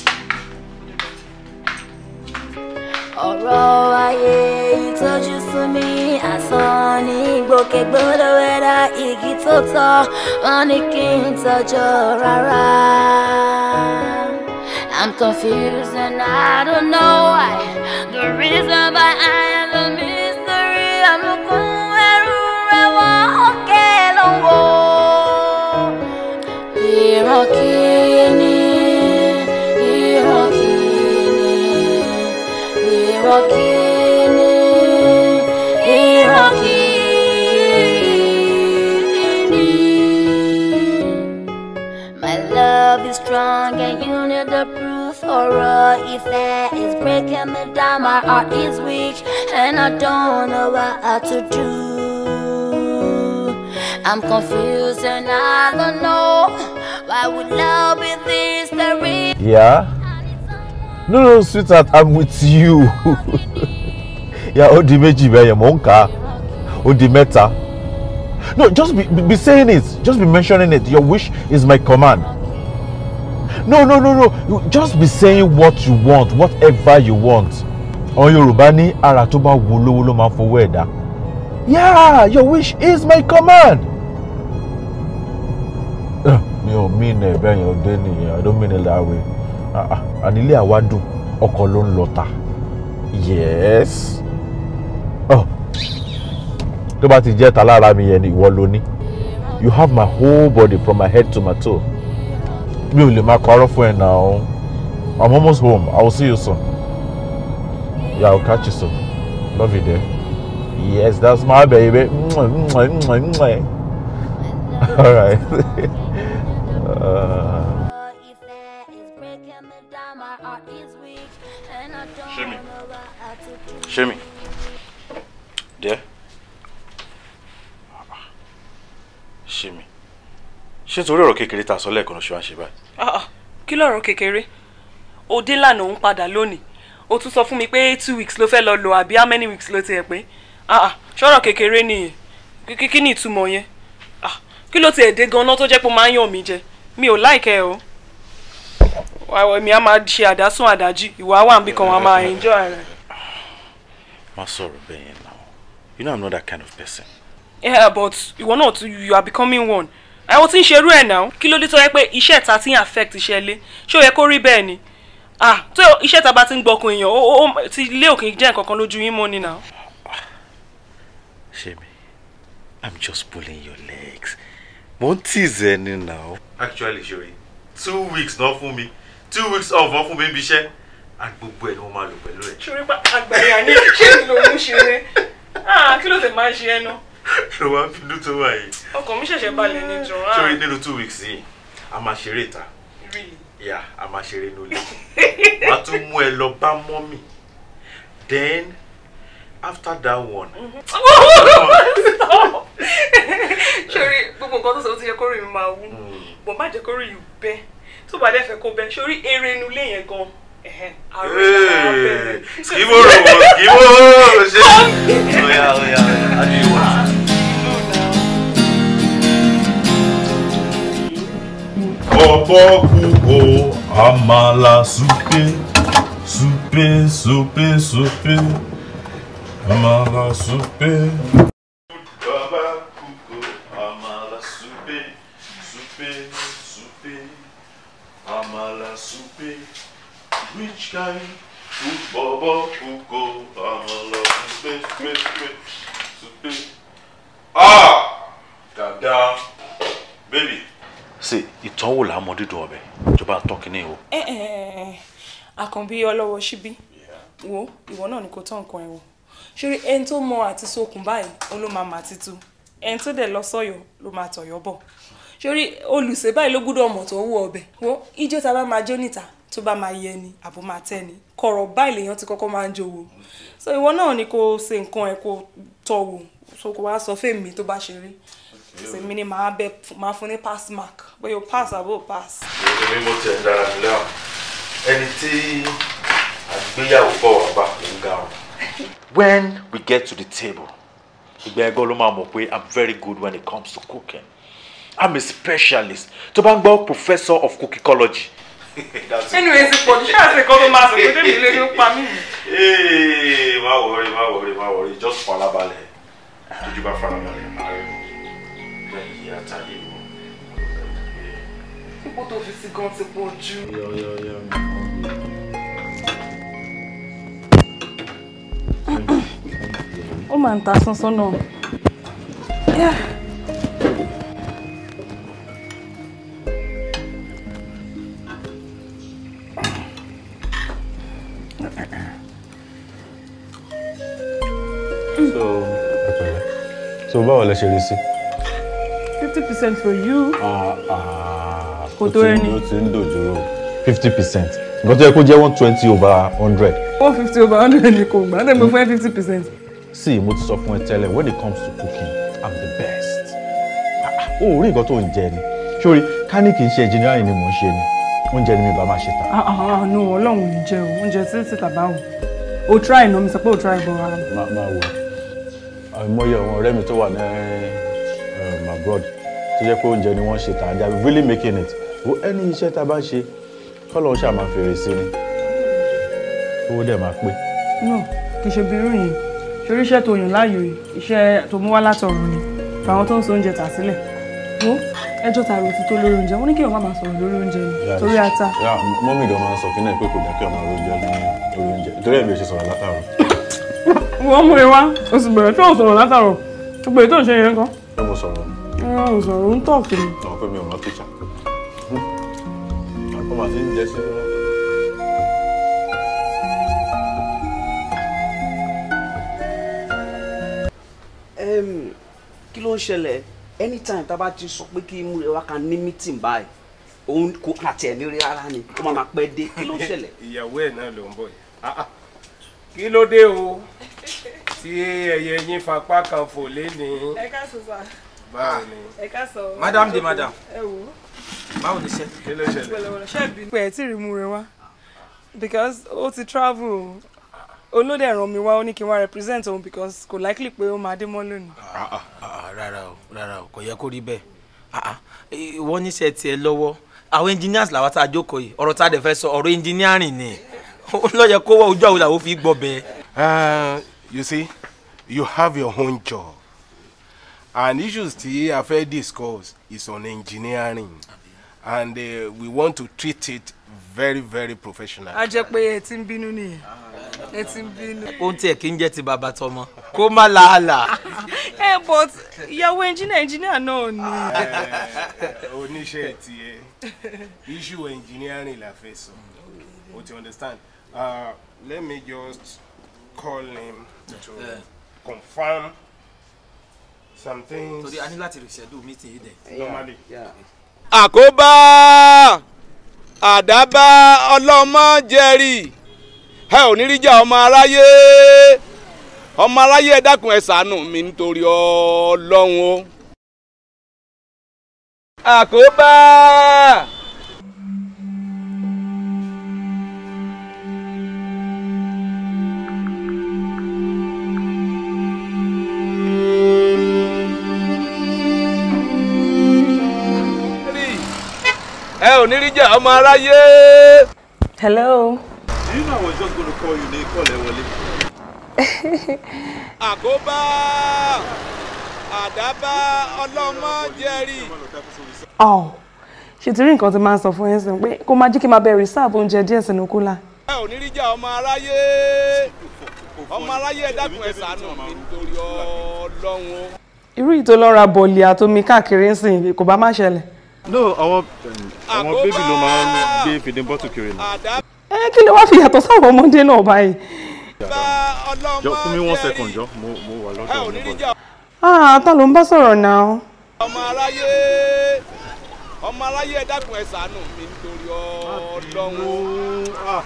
ọ̀rọ̀ ayé ìtọ́jú sún mi àsán ní gbòkègbodò ẹ̀dá igi tó tọ́ wọn ní kí n tọ́jú rárá. I'm confused and I don't know why. The reason why I am a mystery. I'm a ẹrú rẹ wọ́n ọ̀kẹ́ lọ́wọ́. Ìrọ̀kì. My love is strong and you need the proof or if that is breaking me down my heart is weak and i don't know what to do i'm confused and i don't know why we love in this the yeah no no sweetheart i'm with you ya ó di méjì bẹ́yẹn mò ń kà á ó di mẹ́ta no just be, be saying it just be mentioning it your wish is my command no no no no just be saying what you want whatever you want On Yorùbá ní ara tó bá wo lówó ló máa ń fowó ẹ̀dá yeah your wish is my command eh, mi ò mean ẹ̀ bẹ́ẹ̀ yẹn ọdẹ nìyẹn i don't mean it that way. Ah, ah, àdílé àwa dùn ọkọ ló ń lọ ta yes oh. tó bá ti jẹ́ ta lára mi yẹn ni ìwọ ló you have my whole body from my head to my toe mi ò lè máa kọ́ ọ́rọ́ fún ẹ̀ náà i'm almost home i will see you soon yeah I'll catch you soon love you there yes that's my baby all right. uh, ṣé mi díẹ̀ ṣé mi ṣé torí ọ̀rọ̀ kékeré ta sọ lẹ́ẹ̀kan ló ṣe wá ń ṣe báyìí. Ah, ah. kí lọ̀rọ̀ kékeré òde lànà òun padà lónìí ó tún sọ fún mi pé two weeks ló fẹ́ lọ lò àbí how many weeks ló ti ẹ̀ pé ah, ṣọ̀rọ̀ kékeré nìyẹn kí ni ìtumọ̀ yẹn kí ló ti èdè ganan tó jẹ́ pé ó máa ń yàn mí jẹ mi ò láìkẹ́ o èmi á máa ṣe àdásùn àdájì ìwà wà níbi kan wọn á máa enjoy ara ẹ̀ má sọ̀rọ̀ bẹ́ẹ̀ yẹn you know i'm not that kind of person. yeah but you are not. you are becoming one I was in ṣerú now. Kilo kí ló dé tó yẹ affect iṣẹ́ ilé ṣé ó yẹ kó ah so iṣẹ́ ìta bá ti ń gbọkun èèyàn ó ti ilé òkè jẹ́ nǹkan kan lójú yín mọ́ ni náà. ṣé mi i'm just pulling your legs What is any now? actually ṣe two weeks not for me. two weeks off for me, mi and gbogbo ẹ̀ ni mo máa lò pẹ̀lú rẹ̀. ṣùgbọ́n pa àgbàyà ni ṣé lòun ṣe rẹ ah, kí ló ti máa ṣe ẹnu. ló wá fi inú tó wà yìí. mi ṣẹ̀ṣẹ̀ balẹ̀ ní jọ. sórí nínú two weeks yìí a máa ṣeré ìta. yà a máa ṣeré inú ilé. wàá tún mú ẹ lọ bá mọ́mì then after that one. Mm-hmm. sori oh, gbogbo nǹkan tó sọ ti yẹ kórè mi máa wú mm. bọ̀ má jẹ́ kórè yìí bẹ́ tó bá dẹ́ fẹ́ kó bẹ́ sori eré inú ilé yẹn gan-an Giboro, Giboro, ṣe. Oya oya oya, how do you want? Ọ̀pọ̀ kúkú àmàlà súpé súpé súpé súpé àmàlà súpé. mičkaj, u bobo, u go, amala, sme, sme, sme, sme. Ah! Dada! Baby! See, ìtàn wo làá mọ dídùn to Ìjọba tọ́ kínní o. Ẹ eh, ẹ eh, eh, Àkànbí ọlọ́wọ́ ṣíbí. Wo ìwọ náà ni kò tán nǹkan ẹ̀ wò. Ṣé ẹni tó mọ àti sokùn báyìí, òun ló máa mà títú. Ẹni tó dẹ̀ lọ sọ́yọ̀ ló máa tọ̀yọ̀ bọ̀. Ṣé olùsè báyìí ló gbúdọ̀ mọ̀ tó wú ọbẹ̀? Wo ijó ta bá máa jó níta, tó bá máa yẹ ni àbó máa tẹ́ ni kọ̀rọ̀ báyìí lèèyàn ti kọ́kọ́ máa ń jowó so ìwọ náà ni kò ṣe nǹkan ẹ̀ kò tọ̀ so kò wá sọ fèmí tó bá ṣe rí sèmi ni màá bẹ màá fún ní pass mark bóyá o pass àbó o pass. èmi mo tẹ̀ dára mi lẹ́wọ̀n ẹni tí àgbéyàwó bọ̀ wá bá ń ga ọ. when we get to the table ìgbà ẹgbẹ́ ló máa mọ̀ pé i'm very good when it comes to cooking i'm a specialist tó bá ń gbọ́ professor of cookology nínú èsì pọ̀ ní ṣáàṣì kan tó máa sọ pé tèmi lè ní pa mí. má wọrí má just fara balẹ̀ tójú bá fara balẹ̀ máa rẹ̀ bẹ́ẹ̀ ni ìyá tàdé mọ́. ipò tó fi sí gan ti Yeah. jù. ó máa ń ta sánsán so so what will she receive? fifty percent for you. Ah, ah. ẹni. o ti ń dòjò fifty percent nǹkan tó yẹ kó jẹ́ one twenty over hundred. one fifty over hundred ni kò gbà á dẹ́gbẹ́ fún fifty percent. see mo ti sọ fún ẹ tẹ́lẹ̀ when it comes to cooking i'm the best. Ah, ah, o ò rí nǹkan tó ń jẹ ni sórí ká ní kì í ṣe engineering ni mò ń ṣe ni oúnjẹ ni mi bá máa ṣe tà. àánú ah, ah, ah, ọlọ́run ò ní jẹ o oúnjẹ tí títà bá wù o try náà mi sọ pé o try bọ̀ ara. Um, má má wọ àìmọye àwọn ọ̀rẹ́ mi tó wà ní um, abroad tó jẹ́ pé oúnjẹ ni wọ́n ṣe tà they are really making it wo ẹni iṣẹ́ tá a bá ṣe kọ́lọ́ ṣáà máa fèrè sí ni owó dẹ̀ máa pé. no kì í ṣe bí irú yìí torí iṣẹ́ tó yàn láàyò iṣẹ́ tó mú wá látọ̀run ni fàwọn tó ń so oúnjẹ tà sílẹ̀ wo ẹjọ́ ta ròtí tó lórí oúnjẹ wọ́n ní kí èèyàn má máa sọ̀rọ̀ lórí oúnjẹ ni torí ata. mọ́mí gan máa ń sọ kí náà pé kò dá kí ọmọ lórí oúnjẹ lórí oúnjẹ torí ẹ̀ bí o ṣe sọ̀rọ̀ látàrọ̀. wọ́n mú mi wá o sì bẹ̀rẹ̀ tó ń sọ̀rọ̀ látàrọ̀ gbogbo ètò ìṣe yẹn kan. ẹ mo sọ̀rọ̀. ẹ mo sọ̀rọ̀ ń tọ̀ kí ni. ọ̀ pé mi ò rántí ìṣà. àpò màá ti ń jẹ sí i. kí ló ń ṣẹlẹ̀ anytime tá a bá ti sọ pé kí imú rẹ wá kan ní meeting báyìí òun kò àti ẹ̀ ní rí rárá ni kó máa pẹ́ dé kí ló ṣẹlẹ̀. ìyàwó ẹ̀ náà ló ń bọ̀ yìí ah, ah. kí ló dé o tí ẹyẹ yín fapá kan fò lé ẹ ká sọ sá. báwo ni. ẹ ká sọ. madam de madam. ẹ wò. báwo ni iṣẹ́. kí ló ṣẹlẹ̀. ṣé ẹ bí. pẹ̀ tí rí mú rẹ wá because ó ti travel olóde ẹ̀ràn mi wá ó ní kí n wá represent òun because kò likely pé ó máa dé mọ́ lónìí. Ah, ah, ah, rárá o rárá o kò yẹ kó rí bẹ́ẹ̀ ìwọ níṣẹ́ tiẹ̀ lọ́wọ́ àwọn engineers làwọn tá a jókòó yìí ọ̀rọ̀ tá a dẹ̀ fẹ́ sọ ọ̀rọ̀ engineering ni ó lọ́yẹ kó wọ ojú àwọn làwọn fi gbọ́ bẹ́ẹ̀. Eh, you see you have your own job and issues tí a fẹ́ discuss is on engineering and uh, we want to treat it very very professional. a jẹ pé ẹ ti ń bínú nìyẹn ẹ ti ń bínú. ohun tí ẹ kì í jẹ ti bàbá tọmọ kó má làálàá. ẹ eh, but ìyàwó ẹnjìnìà ẹnjìnìà náà ni. oníṣẹ́ tiẹ̀ issue engineering la fẹ́ sọ o ti understand uh, let me just call him to eh. confirm some things. torí a ní láti reschedule meeting yìí dẹ. normally. àkóbá. Yeah. yeah. àdábá ọlọ́mọ jẹ́rì ẹ ò ní ríjà ọmọ aráyé ọmọ aráyé ẹ dákun ẹ ṣàánú mi nítorí Ọlọ́run o. àkóbá. jẹ́ ọmọ aráyé. hello. do you know i was just gonna call you ní ìkọlẹ̀ wọlé. àkóbá àdábá ọlọ́mọ jẹ́rì. ọ̀ oh, ṣètò rí nǹkan tí máa ń sọ fún yín sí pé kó má jí kí n máa bẹ̀rẹ̀ sáàbù oúnjẹ díẹ̀ sínú kólà. ẹ ò ní rí jà ọmọ aráyé ọmọ aráyé ẹ dákun ẹ mi nítorí Ọlọ́run. irú ìtòlọ́ra bọ̀lì àtomi káàkiri ń sìn kò bá má ṣẹlẹ̀ no our our baby no man máa ń in bottle bọ́tù Eh, nù. ẹ kí ló wá fi yàtọ̀ sáwọn ọmọdé náà báyìí. jọ give me one second jọ mo mo wà lọ́dọ̀ ọ̀nìbọ̀. ah ta ló ń bá sọ̀rọ̀ náà. ọmọ aráyé ọmọ aráyé ẹ dákun ẹ ṣàánú mi nítorí Ọlọ́run. àkóbá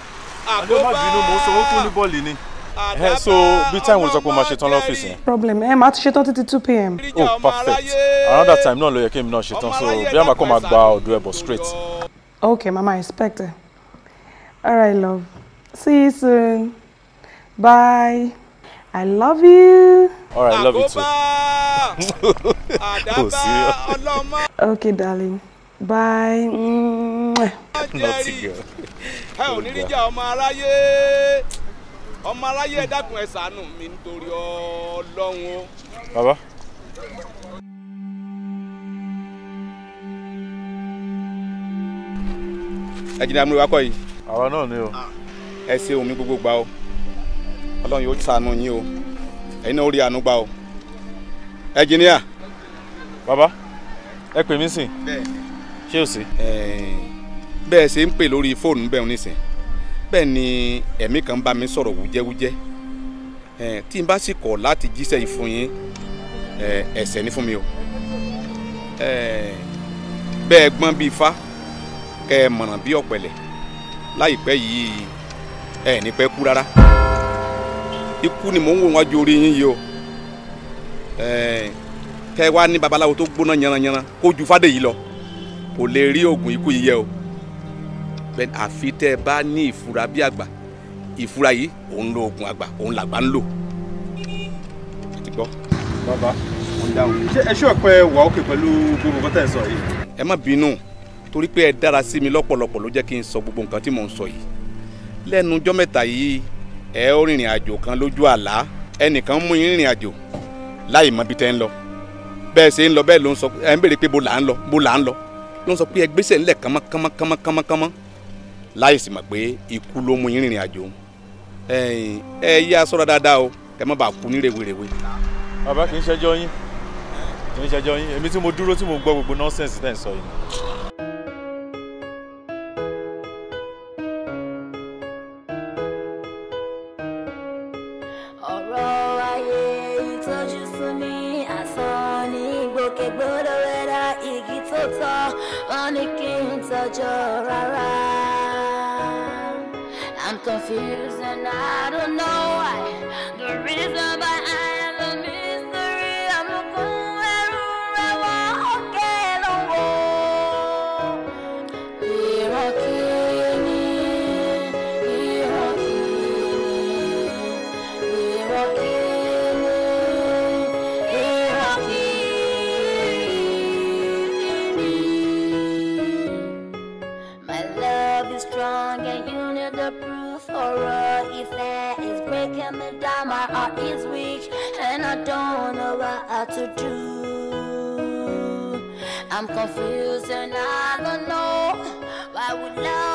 àdó má bínú ẹ so bí time we'll talk sọ pé o máa ṣetán lọ́fíìsì problem ẹ eh, máa tún ṣetán two pm. oh perfect Another time no lawyer came no èmi náà so bí a máa kọ́ máa gba ọ̀dọ̀ ẹ̀ bọ̀ straight. okay mama expect it all right love see you soon bye i love you. all right love you too. oh serious. okay darling bye. Mm. naughty girl. ẹ ò ní ọmọ aráyé ẹ dákun ẹ mi nítorí Ọlọ́run o. bàbá. ẹ jìnnà amúlẹ̀ wa kọ́ yìí. àwa náà ni o. Ah. ẹ ṣe omi gbogbo gbà o Ọlọ́run yóò ṣàánú yín o ẹ̀yin náà ó rí àánú gbà o. ẹ jìnnìyà. bàbá ẹ pè mí sìn ṣé o sí. bẹ́ẹ̀ ṣe ń pè lórí fóònù bẹ́ẹ̀ nísìn bẹ́ẹ̀ ni ẹ̀mí kan bá mi sọ̀rọ̀ wújẹ́wújẹ́ tí n bá sì kọ̀ láti jíṣẹ́ yìí fún yín ẹ̀ṣẹ̀ ni fún mi o bẹ́ẹ̀ gbọ́n bíi fá kẹ́ ẹ mọ̀ràn bíi ọ̀pẹ̀lẹ̀ láìpẹ́ yìí ẹ̀ ní pẹ́ kú rárá ikú ni mò ń wò wájú orí yín yìí o kẹ́ ẹ wá ní babaláwo tó gbóná yanranyanran kó ju fádé yìí lọ kò lè rí oògùn ikú yìí yẹ o bẹ́ẹ̀ àfi tẹ́ ẹ bá ní ìfura bí àgbà ìfura yìí òun lo oògùn àgbà òun làgbà ń lò. bàbá mo ń dáhùn ṣé ẹ ṣe ọpẹ wà ókè pẹ̀lú gbogbo nǹkan tẹ́ ẹ sọ yìí. ẹ má bínú torí pé ẹ dára sí mi lọ́pọ̀lọpọ̀ ló jẹ́ kí n sọ gbogbo nǹkan tí mò ń sọ yìí lẹ́nu ọjọ́ mẹ́ta yìí ẹ ó rìnrìn àjò kan lójú àlá ẹnìkan mú yín rìnrìn àjò láì mọ bí tẹ́ ń lọ bẹ́ẹ̀ ṣe ń lọ bẹ́ẹ̀ ló ń sọ ẹ ń béèrè pé bo là ń lọ bo là ń lọ ló ń sọ pé ẹ gbéṣẹ́ ńlẹ̀ kánmọ́ kánmọ́ kánmọ́ kánmọ́ kánmọ́ láì sì mọ̀ pé ikú ló mú yín rìnrìn àjò ẹ̀yin ẹ yíya sọ́ra dáadáa o kẹ́ má bàa kú ní rèwerèwe. bàbá kì í ṣẹjọ́ yín kì í ṣẹjọ́ yín èmi tí mo dúró tí mo gbọ́ gbogbo nọ́ọ̀sẹ̀nsì tẹ̀ ń sọ yìí. gbọ́dọ̀ rẹ̀ ra igi tó tọ́ wọn ní kí n tọ́jú rárá. fears and I don't know why. The reason why do. I'm confused and I don't know why we love.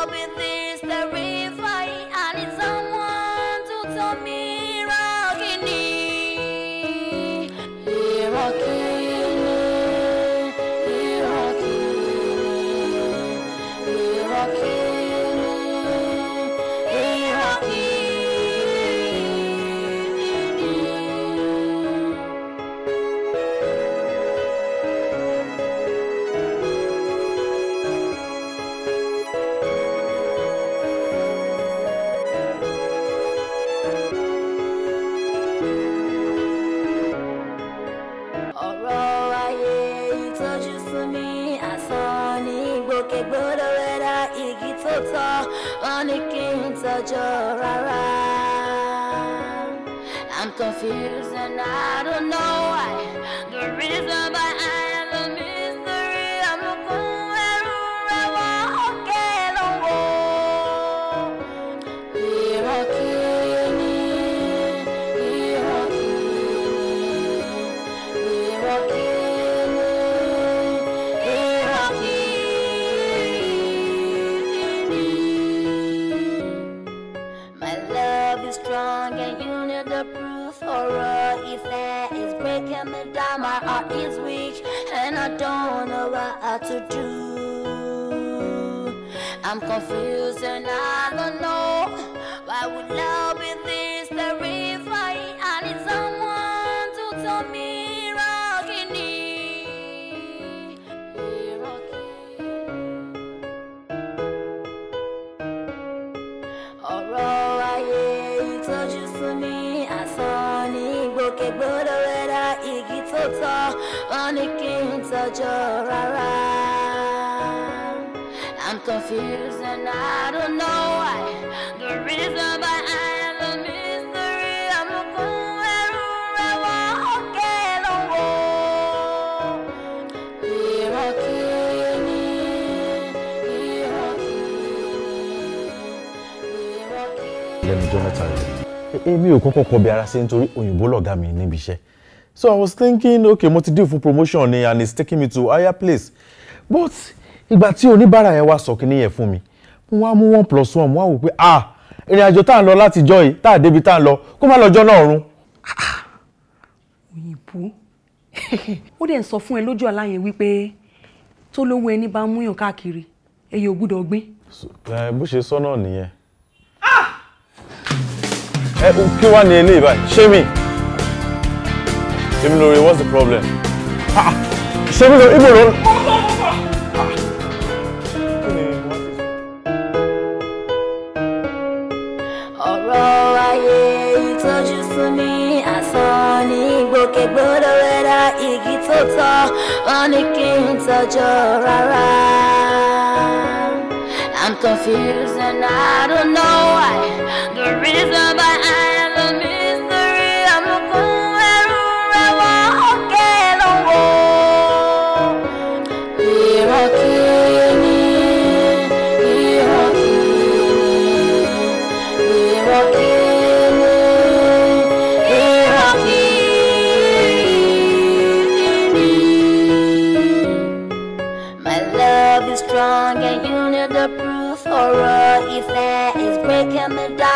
rárá. I'm confused. I'm confused and I don't know why would love be this terrifying. I need someone to tell me, Rockini, Rockini. Ọ̀rọ̀ ayé ìtọ́jú sún mi àsán ní ìgbòkègbodò rẹ̀ dá igi tó tọ́ tears and I don't know why The reason why I am a mystery I'm not going I won't get a war Irokini lẹ́nu jọ mẹ́ta rẹ̀ èmi ò kọ́kọ́ kọbi ara sí nítorí òyìnbó lọ̀gá mi níbi iṣẹ́ so I was thinking okay mo ti deal fún promotion ni and it's taking me to higher place but ìgbà tí oníbàárà yẹn wá sọ kí nìyẹn fún mi mo wá mú one plus one mo wá wò pé ah ìrìn àjò tá à ń lọ láti jọ yìí tá à débi tá à ń lọ kó má lọ́jọ́ náà run. òyìnbó ó dẹ̀ ń sọ fún ẹ lójú àlá yẹn wípé tó lówó ẹni bá múyàn káàkiri ẹyẹ ò gbúdọ̀ gbín. bó ṣe sọ náà nìyẹn. Ah! ẹ kí wàá ní eléyìí báyìí ṣé mi ṣé mi lóore what's the problem ah! ṣé mi lóore ibo lóore. igi tó tọ́ wọ́n ní kí n rárá. I'm confused and I don't know why. The reason why I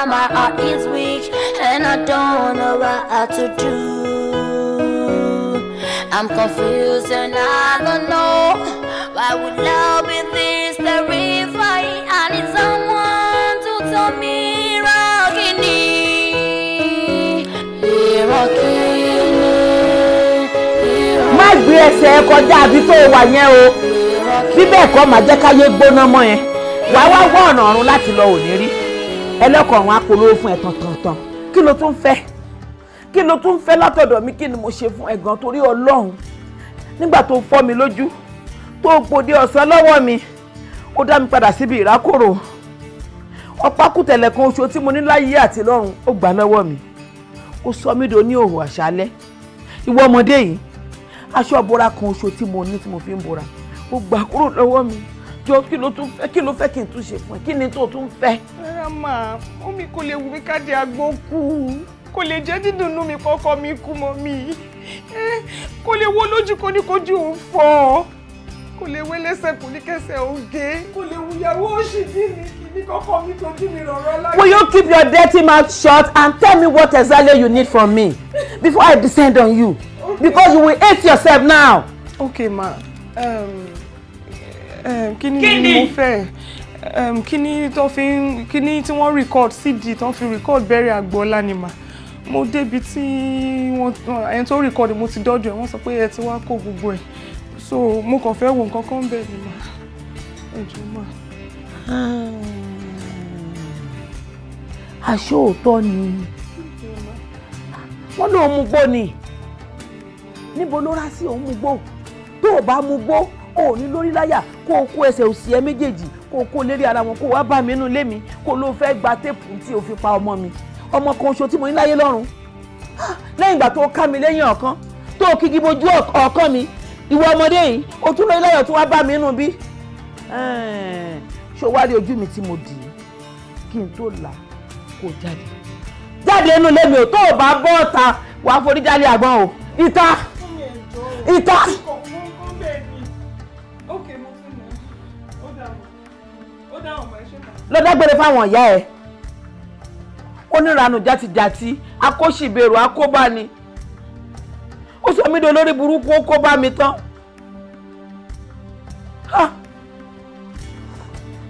my heart is weak and I don't know what to do. I'm confused and I don't know why would love be this terrifying. I need someone to tell me, Rockini, Rockini. Má gbé ẹsẹ̀ kọjá àbí tó wà yẹn o. Bíbẹ̀ kọ́ màá jẹ́ káyé gbóná mọ́ yẹn. Wàá wá wọ́ ọ̀nà ọ̀run láti lọ òní rí ẹlẹ́kọ̀ọ́ àwọn apolówó fún ẹ tọ̀tọ̀tọ̀ kí ló tún fẹ́ kí ló tún fẹ́ látọ̀dọ̀ mi kí ni mo ṣe fún ẹ̀gàn torí ọlọ́run nígbà tó fọ́ mi lójú tó gbòde ọ̀sán lọ́wọ́ mi ó dá mi padà síbi ìrákòrò ọ̀pákùtẹ̀lẹ̀ kan oṣù tí mo ní láyé àti lọ́run ó gbà lọ́wọ́ mi ó sọ mí do ní òhò àṣálẹ́ ìwọ ọmọdé yìí aṣọ ìbora kan oṣù tí mo ní tí mo fi ń bora ó gbà kúrò lọ́wọ́ mi jọ kí ló tún fẹ́ kí ló fẹ́ kí n tún ṣe fún ẹ kí ni tó tún fẹ́. rárá màá omi kò lè wù mí ká jẹ àgbo kú kò lè jẹ́ dídùnnú mi kọ́kọ́ mi kú mọ́ mi kò lè wo lójú kò ní kojú òun fọ́ kò lè wé lẹ́sẹ̀ kò ní kẹsẹ̀ òge kò lè wù yàwó òṣìṣẹ́ mi kì ní kọ́kọ́ mi kojú mi rọ̀rọ̀ láyé. Will you keep your dirty mouth shut and tell me what exactly you need from me before I descend on you okay. because you will hate yourself now. okay ma. Um kí ni mo fẹ́ kí ni tó fi kí ni tí wọ́n record cd tó fi record bẹ̀rẹ̀ Àgbọ̀ọ́lá ni mà mo débi tí wọ́n ẹni tó record mo ti dọ́dọ̀ ẹ̀ wọ́n sọ pé ẹ ti wá kó gbogbo ẹ̀ so mo kàn fẹ́ wo nǹkan kan bẹ́ẹ̀ ni mà ẹ jọ mà. aṣọ òótọ́ ni wọ́n lóun mú gbó ni níbo ló rá sí òun mú gbó tó o bá mú gbó o ní lórí láyà kó o kó ẹsẹ̀ òsì ẹ méjèèjì kó o kó lérí ara wọn kó o wá bá mi nínú ilé mi kó o ló fẹ́ gba téèpù tí o fi pa ọmọ mi ọmọ kan oṣù tí mo ní láyé lọ́rùn lẹ́yìn ìgbà tó o ká mi lẹ́yìn ọ̀kan tó o kígi bojú ọ̀kan mi ìwọ ọmọdé yìí o tún lórí láyà tó wá bá mi nínú bí ṣé o wá rí ojú mi tí mo dì í kí n tó là kó jáde jáde inú ilé mi ò tó o bá bọ́ ọ̀ta wàá forí jálẹ̀ àgbọn o ìta ìta. ló dágbére fáwọn ìyá ẹ onírànù játijàti akóṣìbẹ̀rù akóbá ni ó sọ mí di olórí burúkú ó kó bá mi tán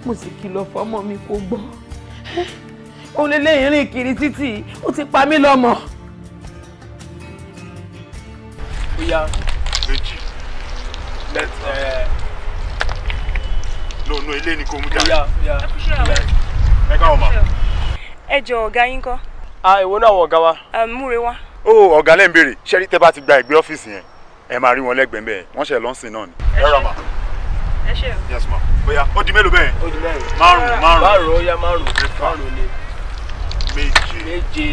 mo sì kìlọ̀ fọ́mọ mi kò gbọ́ òun lè léyìn rìn kiri títì ó ti pa mí lọ́mọ. ó yá méjì lẹ́tọ̀ọ́. Eh, no no ilé ni kò mú jáde. ẹ káwọn ma. ẹ jọ ọ̀gá yín kọ́. a èwo náà wọ ọ̀gá wa. múre wá. ó oh, ọ̀gá lẹ́ ń béèrè ṣẹ́rí tẹ́ bá ti gba ẹ̀gbẹ́ ọ́fíìsì yẹn ẹ máa rí wọn lẹ́gbẹ̀ẹ́ bẹ́ẹ̀ wọ́n ṣe lọ́sìn náà ni. ẹ rà mà. ẹ ṣe yes ma bóyá ó di mélòó bẹ́ẹ̀. ó di mẹ́rin. márùn-ún márùn-ún. márùn-ún ni. méje. méje.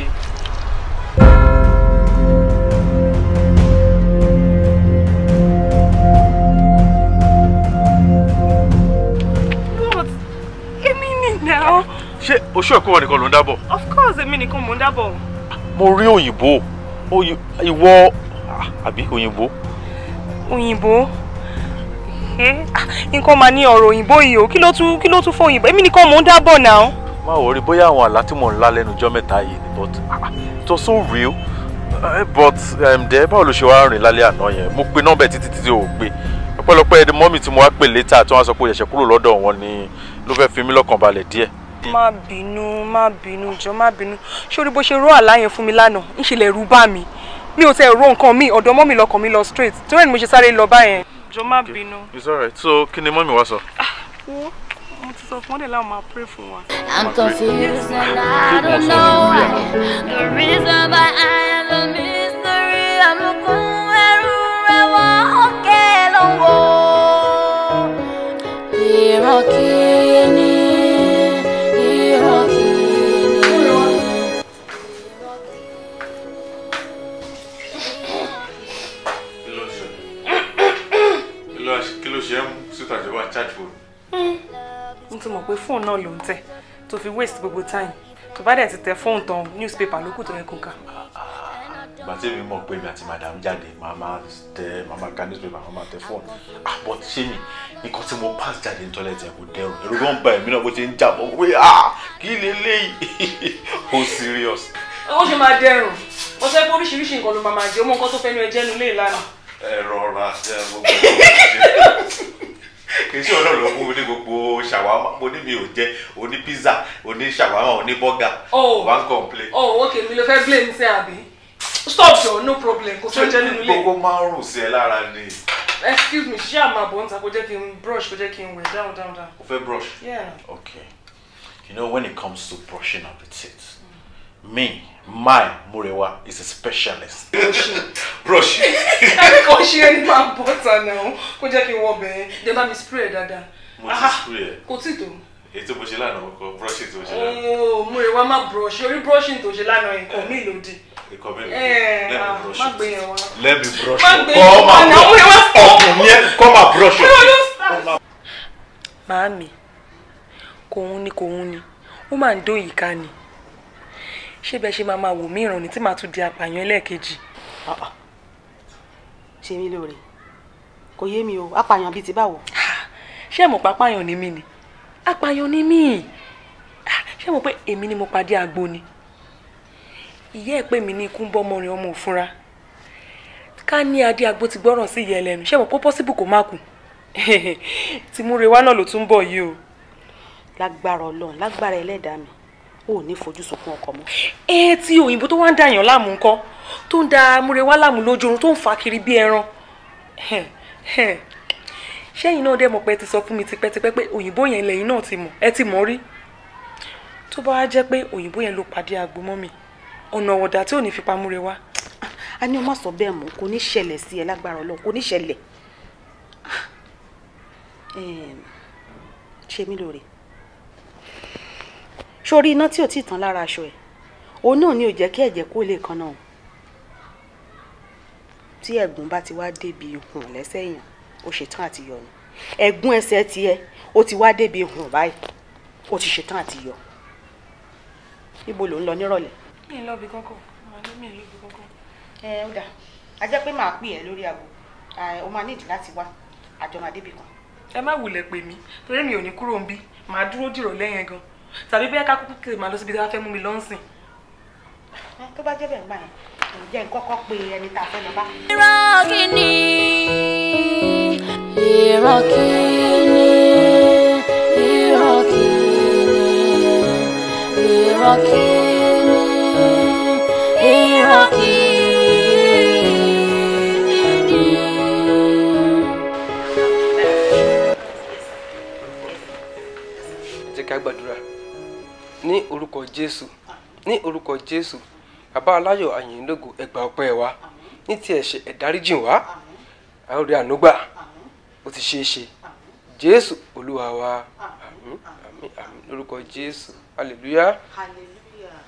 ṣé oṣù ẹ̀kọ́ nìkan ló ń dábọ̀. of course èmi nìkan mò ń dábọ̀. mo rí òyìnbó ìwọ ah, àbí òyìnbó. òyìnbó ah, nǹkan máa ní ọ̀rọ̀ òyìnbó yìí o kí ló tún kí ló tún fún òyìnbó èmi nìkan mò ń dábọ̀ náà. má wọ rí bóyá àwọn àlá tí mò ń lá lẹ́nu ọjọ́ mẹ́ta yìí ni but it was so real but ǹdẹ́ báwo ló ṣe wá rìn lálẹ́ àná yẹn mo pe nọ́mbẹ̀ títí títí ò gbé ọpẹ́lọpẹ́ ẹni tí mo wá pè létà tí wọ́n sọ pé ó kúrò lọ́dọ̀ wọn ni ló fẹ́ fi mí lọ́kàn balẹ̀ díẹ̀ má bínú má bínú jọ má bínú sórí bó ṣe rọ àlàyé fún mi lánàá ń ṣe rú bá mi mi ò tẹ ro nǹkan mi ọ̀dọ̀ mọ́mì lọkàn mi lọ straight tí wọ́n ní mo ṣe sáré lọ báyẹn jọ má bínú. it's alright so kí ni mọ́mì wá sọ. Ah, wo mo i'm confused and i don't know why the reason why i am a mystery I'm a amukun ẹrù rẹ wọ́n ó Here I ìrọ̀kì. ti mọ̀ pé fóònù náà ló ń tẹ̀ tó fi waste gbogbo time tó bá dẹ̀ ti tẹ fóònù tán newspaper ló tó yẹ kó kà. ìgbà tí èmi mọ̀ pé mi àti madam jáde màá máa tẹ màá máa ka newspaper màá máa tẹ fóònù àbọ̀ ah, ṣé mi nǹkan tí mo pass jáde ní toilet yẹn dẹrùn èrò gan ba èmi náà bó ṣe ń jà bọ̀ pé ah, kí leléyìí ó serious. ó ṣe máa dẹrùn mo fẹ́ kó oríṣiríṣi nǹkan ló máa máa jẹ́ ó mọ nǹkan tó fẹ́ nu ẹjẹ́ nu lé ìlànà. ẹ rọra ẹ gbogbo ọmọ kìsì ọlọ́run ló fún mi ní gbogbo ṣàwámà mo ní mi ò jẹ oní pizza oní ṣàwámà oní bọ́gà oh. one complain. oh ok mi ló fẹ́ blame ṣe àbí stop jọ no problem kò tó jẹ́ nínú ilé. gbogbo máa ń rùn sí ẹ lára ni. excuse me ṣé àmà bọ̀ ń ta kó jẹ́ kí n brush kó jẹ́ kí n wẹ̀ down down down. o fẹ́ brush. yeah. Okay, you know when it comes to brushing of the teeth mm. me my Murewa is a specialist. Brush. Brush. I'm ṣe ẹni máa bọ̀ tán náà kó jẹ́ kí n wọ bẹ̀ẹ́ dé bá mi spray dáadáa. Mo ti spray ẹ̀. Kò tí tó. Èyí tó mo ṣe lánàá kọ brushing tó ṣe lánàá. Ooo oh, Murewa má brush orí brushing to ṣe lánàá nǹkan mi lòdì. Nǹkan mi lòdì. Ẹ̀ẹ́ eh, ah, má Let me brush. Má gbé yẹn wá náà Murewa stop. Ọkùnrin yẹn Come and brush. Màámi, kò ń ni kò ń ni, ó máa ń dó yìí ni ṣé bẹ́ẹ̀ ṣe máa máa wò mí ìrànní tí màá tún di apààyàn ẹlẹ́ẹ̀kejì. Ah, ah. ṣe mí lóore kò yé mi o apààyàn bíi ti báwo. ṣé mo pa apààyàn ni mí ni apààyàn ni mí ṣé mo pé èmi ni mo pàdé àgbo ni ìyá ẹ̀ pé mi ní ikú ń bọ́ ọmọrin ọmọ òfúnra ká ní adé àgbo ti gbọ́ràn sí ìyá ẹlẹ́nu ṣé mo pé pọ́síbù kò má kù tìmúrewá náà ló tún bọ̀ yìí o. lágbára Ọlọ́run lágbára Ẹlẹ́dàá mi ò ní fojú sunkún ọkọ mọ́ ẹ tí òyìnbó tó wá ń dàyàn láàmú ńkọ́ tó ń da amúrewá láàmú lójú oorun tó ń fa kiri bí ẹran ṣẹ́yìn náà dẹ́ mọ̀ pé ẹ ti sọ fún mi tipẹ́tipẹ́ pé òyìnbó yẹn lẹ́yìn náà ti mọ̀ ẹ ti mọ̀ rí tó bá wá jẹ́ pé òyìnbó yẹn ló pàdé àgbo mọ́ mi ọ̀nà ọ̀dà tí ò ní fi pamú re wá. a ní o má sọ bẹ́ẹ̀ mọ́ kò ní ṣẹlẹ̀ sí ẹ lágbára ọlọ́run kò ní ṣẹlẹ̀ ṣe mí lóore sórí iná tí ò tí ì tán lára aṣọ ẹ̀ òun náà ni ò jẹ́ kí ẹ̀jẹ̀ kó lè kan náà tí ẹ̀gún bá ti wá débi ikùn lẹ́sẹ̀ èèyàn ó ṣetán àti yọ ni ẹ̀gún ẹsẹ̀ tiẹ̀ ó ti wá débi ikùn báyìí ó ti ṣetán àti yọ níbo ló ń lọ nírọ̀lẹ́. mi ì lọ bí kọ́kọ́ mi ì lọ bí kọ́kọ́. ẹ ó dà á jẹ́ pé màá pè ẹ́ lórí aago ó máa nídìí láti wá àjọ màdébì ẹ má wulẹ̀ pè mí torí mi ò ní kúrò ń bí màá dúró dìrọ̀ lẹ́yìn gan-an tàbí bẹ́ẹ̀ ká kúkú kiri lọ síbi tí wọ́n fẹ́ mú mi lọ́nsìn. tó bá jẹ́ bẹ́ẹ̀ gbà yẹn ǹjẹ́ kọ́kọ́ pe ẹni tá a fẹ́ lọ bá. irọ́ kí irọ́ kí irọ́ kí irọ́ kí irọ́ kí ní orúkọ jésù ní orúkọ jésù bàbá aláyọ̀ àyìnlógo ẹgbà ọpẹ́ wa ní ti ẹ̀ṣẹ̀ ẹ̀dáríjì wa a ó rí ànúgbà ó ti ṣeé ṣe jésù olúwa wa àmín àmín àmín lórúkọ jésù hallelujah. hallelujah.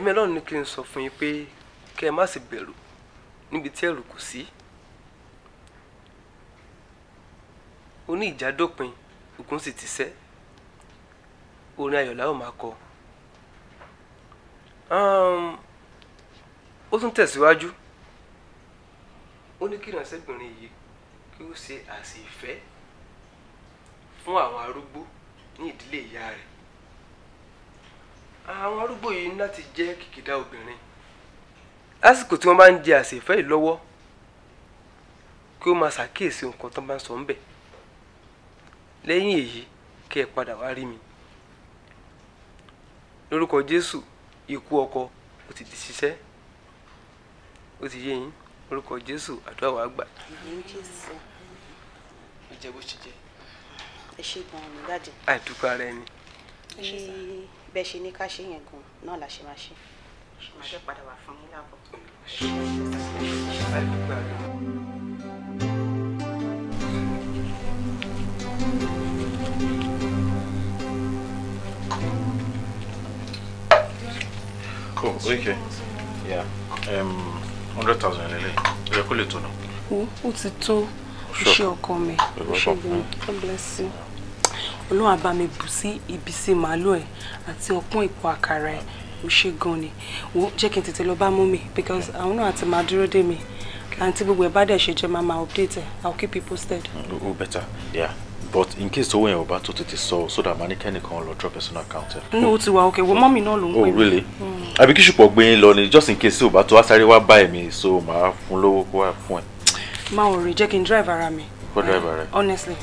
ọlọ́run ní kí n sọ fún yín pé kẹ́ ẹ má sì bẹ̀rù níbi tí ẹ̀rù kù sí. ó ìjà dópin ogun sì ti sẹ́ orin ayọ̀ la ó máa kọ um, ó tún tẹ̀síwájú ó ní kí ìránṣẹ́bìnrin yìí kí ó ṣe àsè ìfẹ́ fún àwọn arúgbó ní ìdílé ìyá rẹ̀ àwọn arúgbó yìí ní láti jẹ́ kìkìdá obìnrin lásìkò tí wọ́n bá ń jẹ àsè ìfẹ́ yìí lọ́wọ́ kí ó máa ṣàkíyèsí nǹkan tó bá ń sọ ń bẹ̀ lẹ́yìn èyí kí ẹ padà wá rí mi lórúkọ jésù ikú ọkọ ó ti di ṣiṣẹ́ ó ti yé yín lórúkọ jésù àdúrà wa gbà. àìdúpẹ́ ara ẹni. bẹ́ẹ̀ ṣe ní ká ṣe yẹn gan náà la ṣe máa ṣe. máa ṣe padà wá fún yín láàbọ̀. àìdúpẹ́ ara ẹni. Oh, okay. Yeah. Um, hundred thousand lele. Oya kó lè tó nà. O ti tó iṣẹ́ ọkọ mi. Ṣùgbọ́n God bless you. Olúwa bá mi bù sí ibi sí màálù ẹ̀ àti ọpọ́n ìpò àkàrà ẹ̀. O ṣe gan ni. Wo jẹ́ kí n tètè lọ bá mú mi because àwọn náà àti máa dúró dè mí. Àǹtí gbogbo ẹ̀ bá dẹ̀ ṣe jẹ́ máa máa update ẹ̀. I keep you posted. O better, yeah but in case owó yẹn ò bá tó tètè sọ so that mani kẹ́nìkan lọ drop personal account ẹ. ní o ti wà òkè wo mọ́mì náà ló ń pè mí. oh really mm. àbí kí ṣùpọ̀ gbé yín lọ ni just in case ò bá tó asáré wá bá èmi so màá fún lówó kó wá fún ẹ. máa ò rí jẹ́ kí n drive ara mi. kó drive ara ẹ honestly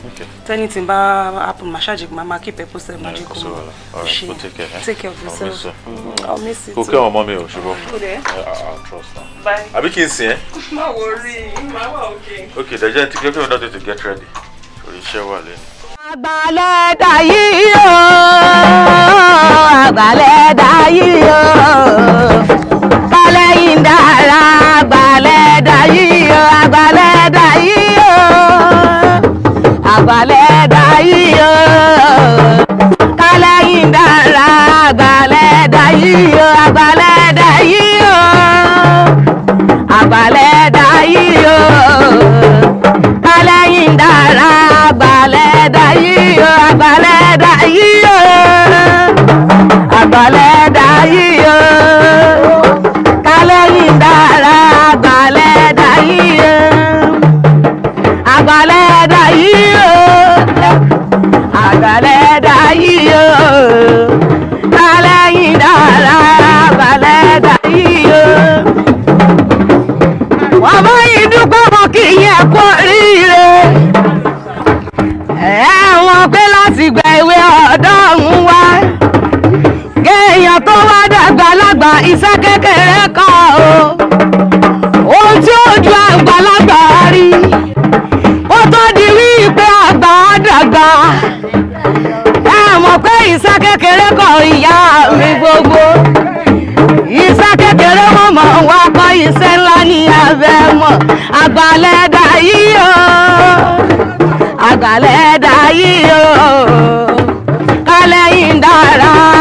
tẹ́ni tí n bá apple massage ma ma keep ẹ posted ma jẹ́ kó mọ̀ ṣe eh? take care of yourself mm-hmm. I'll miss you too. kò kẹ́ ọmọ mi ò ṣubọ́ àbí kí n sìn ẹ́. máa wò rí i máa wà òkè. ok dẹjẹ́ ti kí ọkẹ́ mi náà tètè get ready iṣẹ́ wà lẹ́nu. àgbàlẹ̀ dayí o àgbàlẹ̀ dayí o balẹ̀yìn dára àgbàlẹ̀ dayí o àgbàlẹ̀ dayí o àgbàlẹ̀ dayí o balẹ̀yìn dára àgbàlẹ̀ dayí o àgbàlẹ̀ dayí o àgbàlẹ̀ dayí o balẹ̀yìn dára àgbàlẹ́dà yìí o àgbàlẹ́dà yìí o àgbàlẹ́dà yìí o kálẹ́yìn dára àgbàlẹ́dà yìí o àgbàlẹ́dà yìí o wọ́n bá yìí dúpẹ́ mọ́ kí yẹn kú oríire. pé láti gba ìwé ọ̀dọ́ wá kéèyàn tó wá dàgbà lágbà iṣẹ́ kékeré o ohun tí ó ju àgbàlagbà rí ó tó di wípé àgbà dàgbà ẹ mọ̀ pé iṣẹ́ kékeré kọ́ ìyá mi gbogbo iṣẹ́ kékeré wá kọ́ iṣẹ́ ńlá ní abẹ́ mọ̀ kalẹ̀ dayé o kalẹ̀ yìí dára.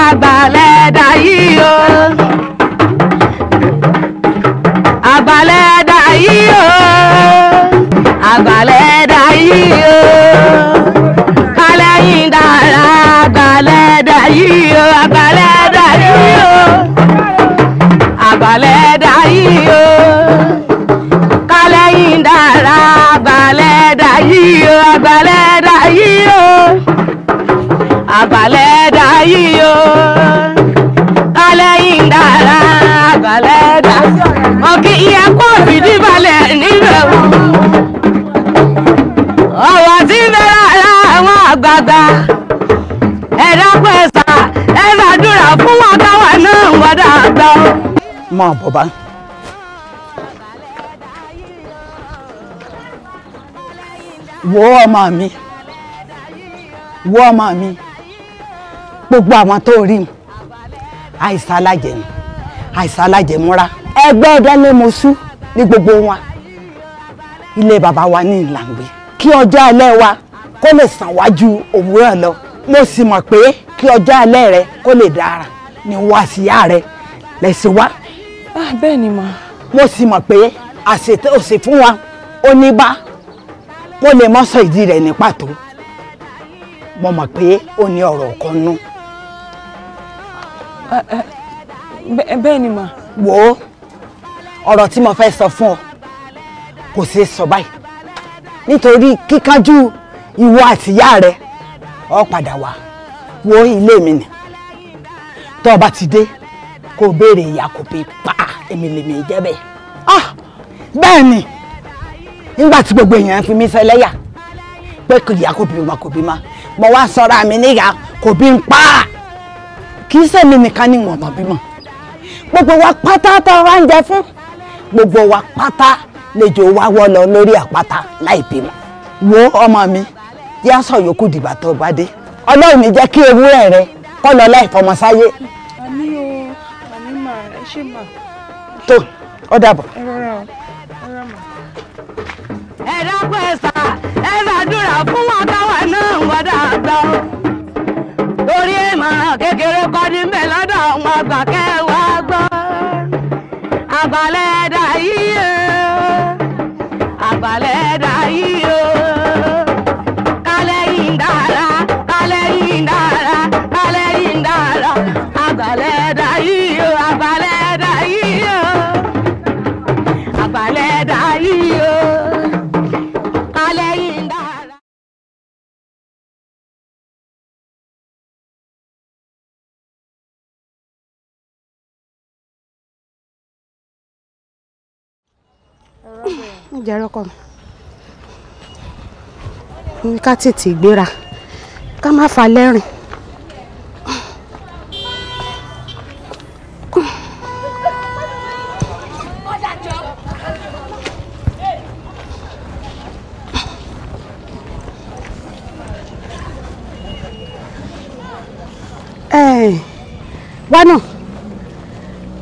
máa bọ̀ bá. wo ọmọ mi wo ọmọ mi gbogbo àwọn tó rí mi àìsàn alájẹmí wa ilé bàbá wa ní ìlànà kí ọjọ́ alẹ́ wa kó lè sàn wájú òwúrọ̀ lọ mo sì mọ̀ pé kí ọjọ́ alẹ́ rẹ kó lè dára ni wá síyá rẹ lẹ́sìn wá Ah, bẹ́ẹ̀ ni mà. mo sì mọ̀ pé àṣetẹ́ òsè fún wa ó ní bá mo lè mọ́ sọ ìdí rẹ̀ ní pàtó mo mọ̀ pé ó ní ọ̀rọ̀ kan nú. Ah, eh, eh, bẹ́ẹ̀ ni mà. wò ó ọ̀rọ̀ tí mo fẹ́ sọ fún ọ kò ṣeé sọ báyìí nítorí kíkánjú ìwọ àtìyá rẹ ọ padà wá wo ilé mi nì tó o bá ti dé kó béèrè ìyá kò bí pa èmi lèmi ah bẹ́ẹ̀ ni nígbà gbogbo èèyàn fi mí ṣẹlẹ́yà pé ìyá kò bí ma ko bí ma mo wá sọra mi níyà kò bí n pa kì í ṣèmi ni wọ́n mọ̀ gbogbo wa pátá tá a jẹ gbogbo wa pata lejo wa wọ́ lọ apata lai láì bímọ wo ọmọ mi yá sọ yòókù dìgbà tó bá dé ọlọ́run ní jẹ́ kí ewúrẹ́ rẹ lọ láì fọmọ sáyé. tó bo. dàbọ̀. ẹ dákun ẹ sà ẹ ṣàdúrà fún wọn káwa náà wà dáadáa torí ìmọ̀ràn kékeré kọ́ ní bẹ̀ lọ́dọ̀ àwọn àgbà kẹwàá gbọ́ àgbàlẹ̀ ẹ̀dá yìí àgbàlẹ̀ ẹ̀dá yìí o. abalẹ̀ dayí o abalẹ̀. jẹ́ rọ́kọ̀ mi ká tètè gbéra ká má fa lẹ́rìn. wá náà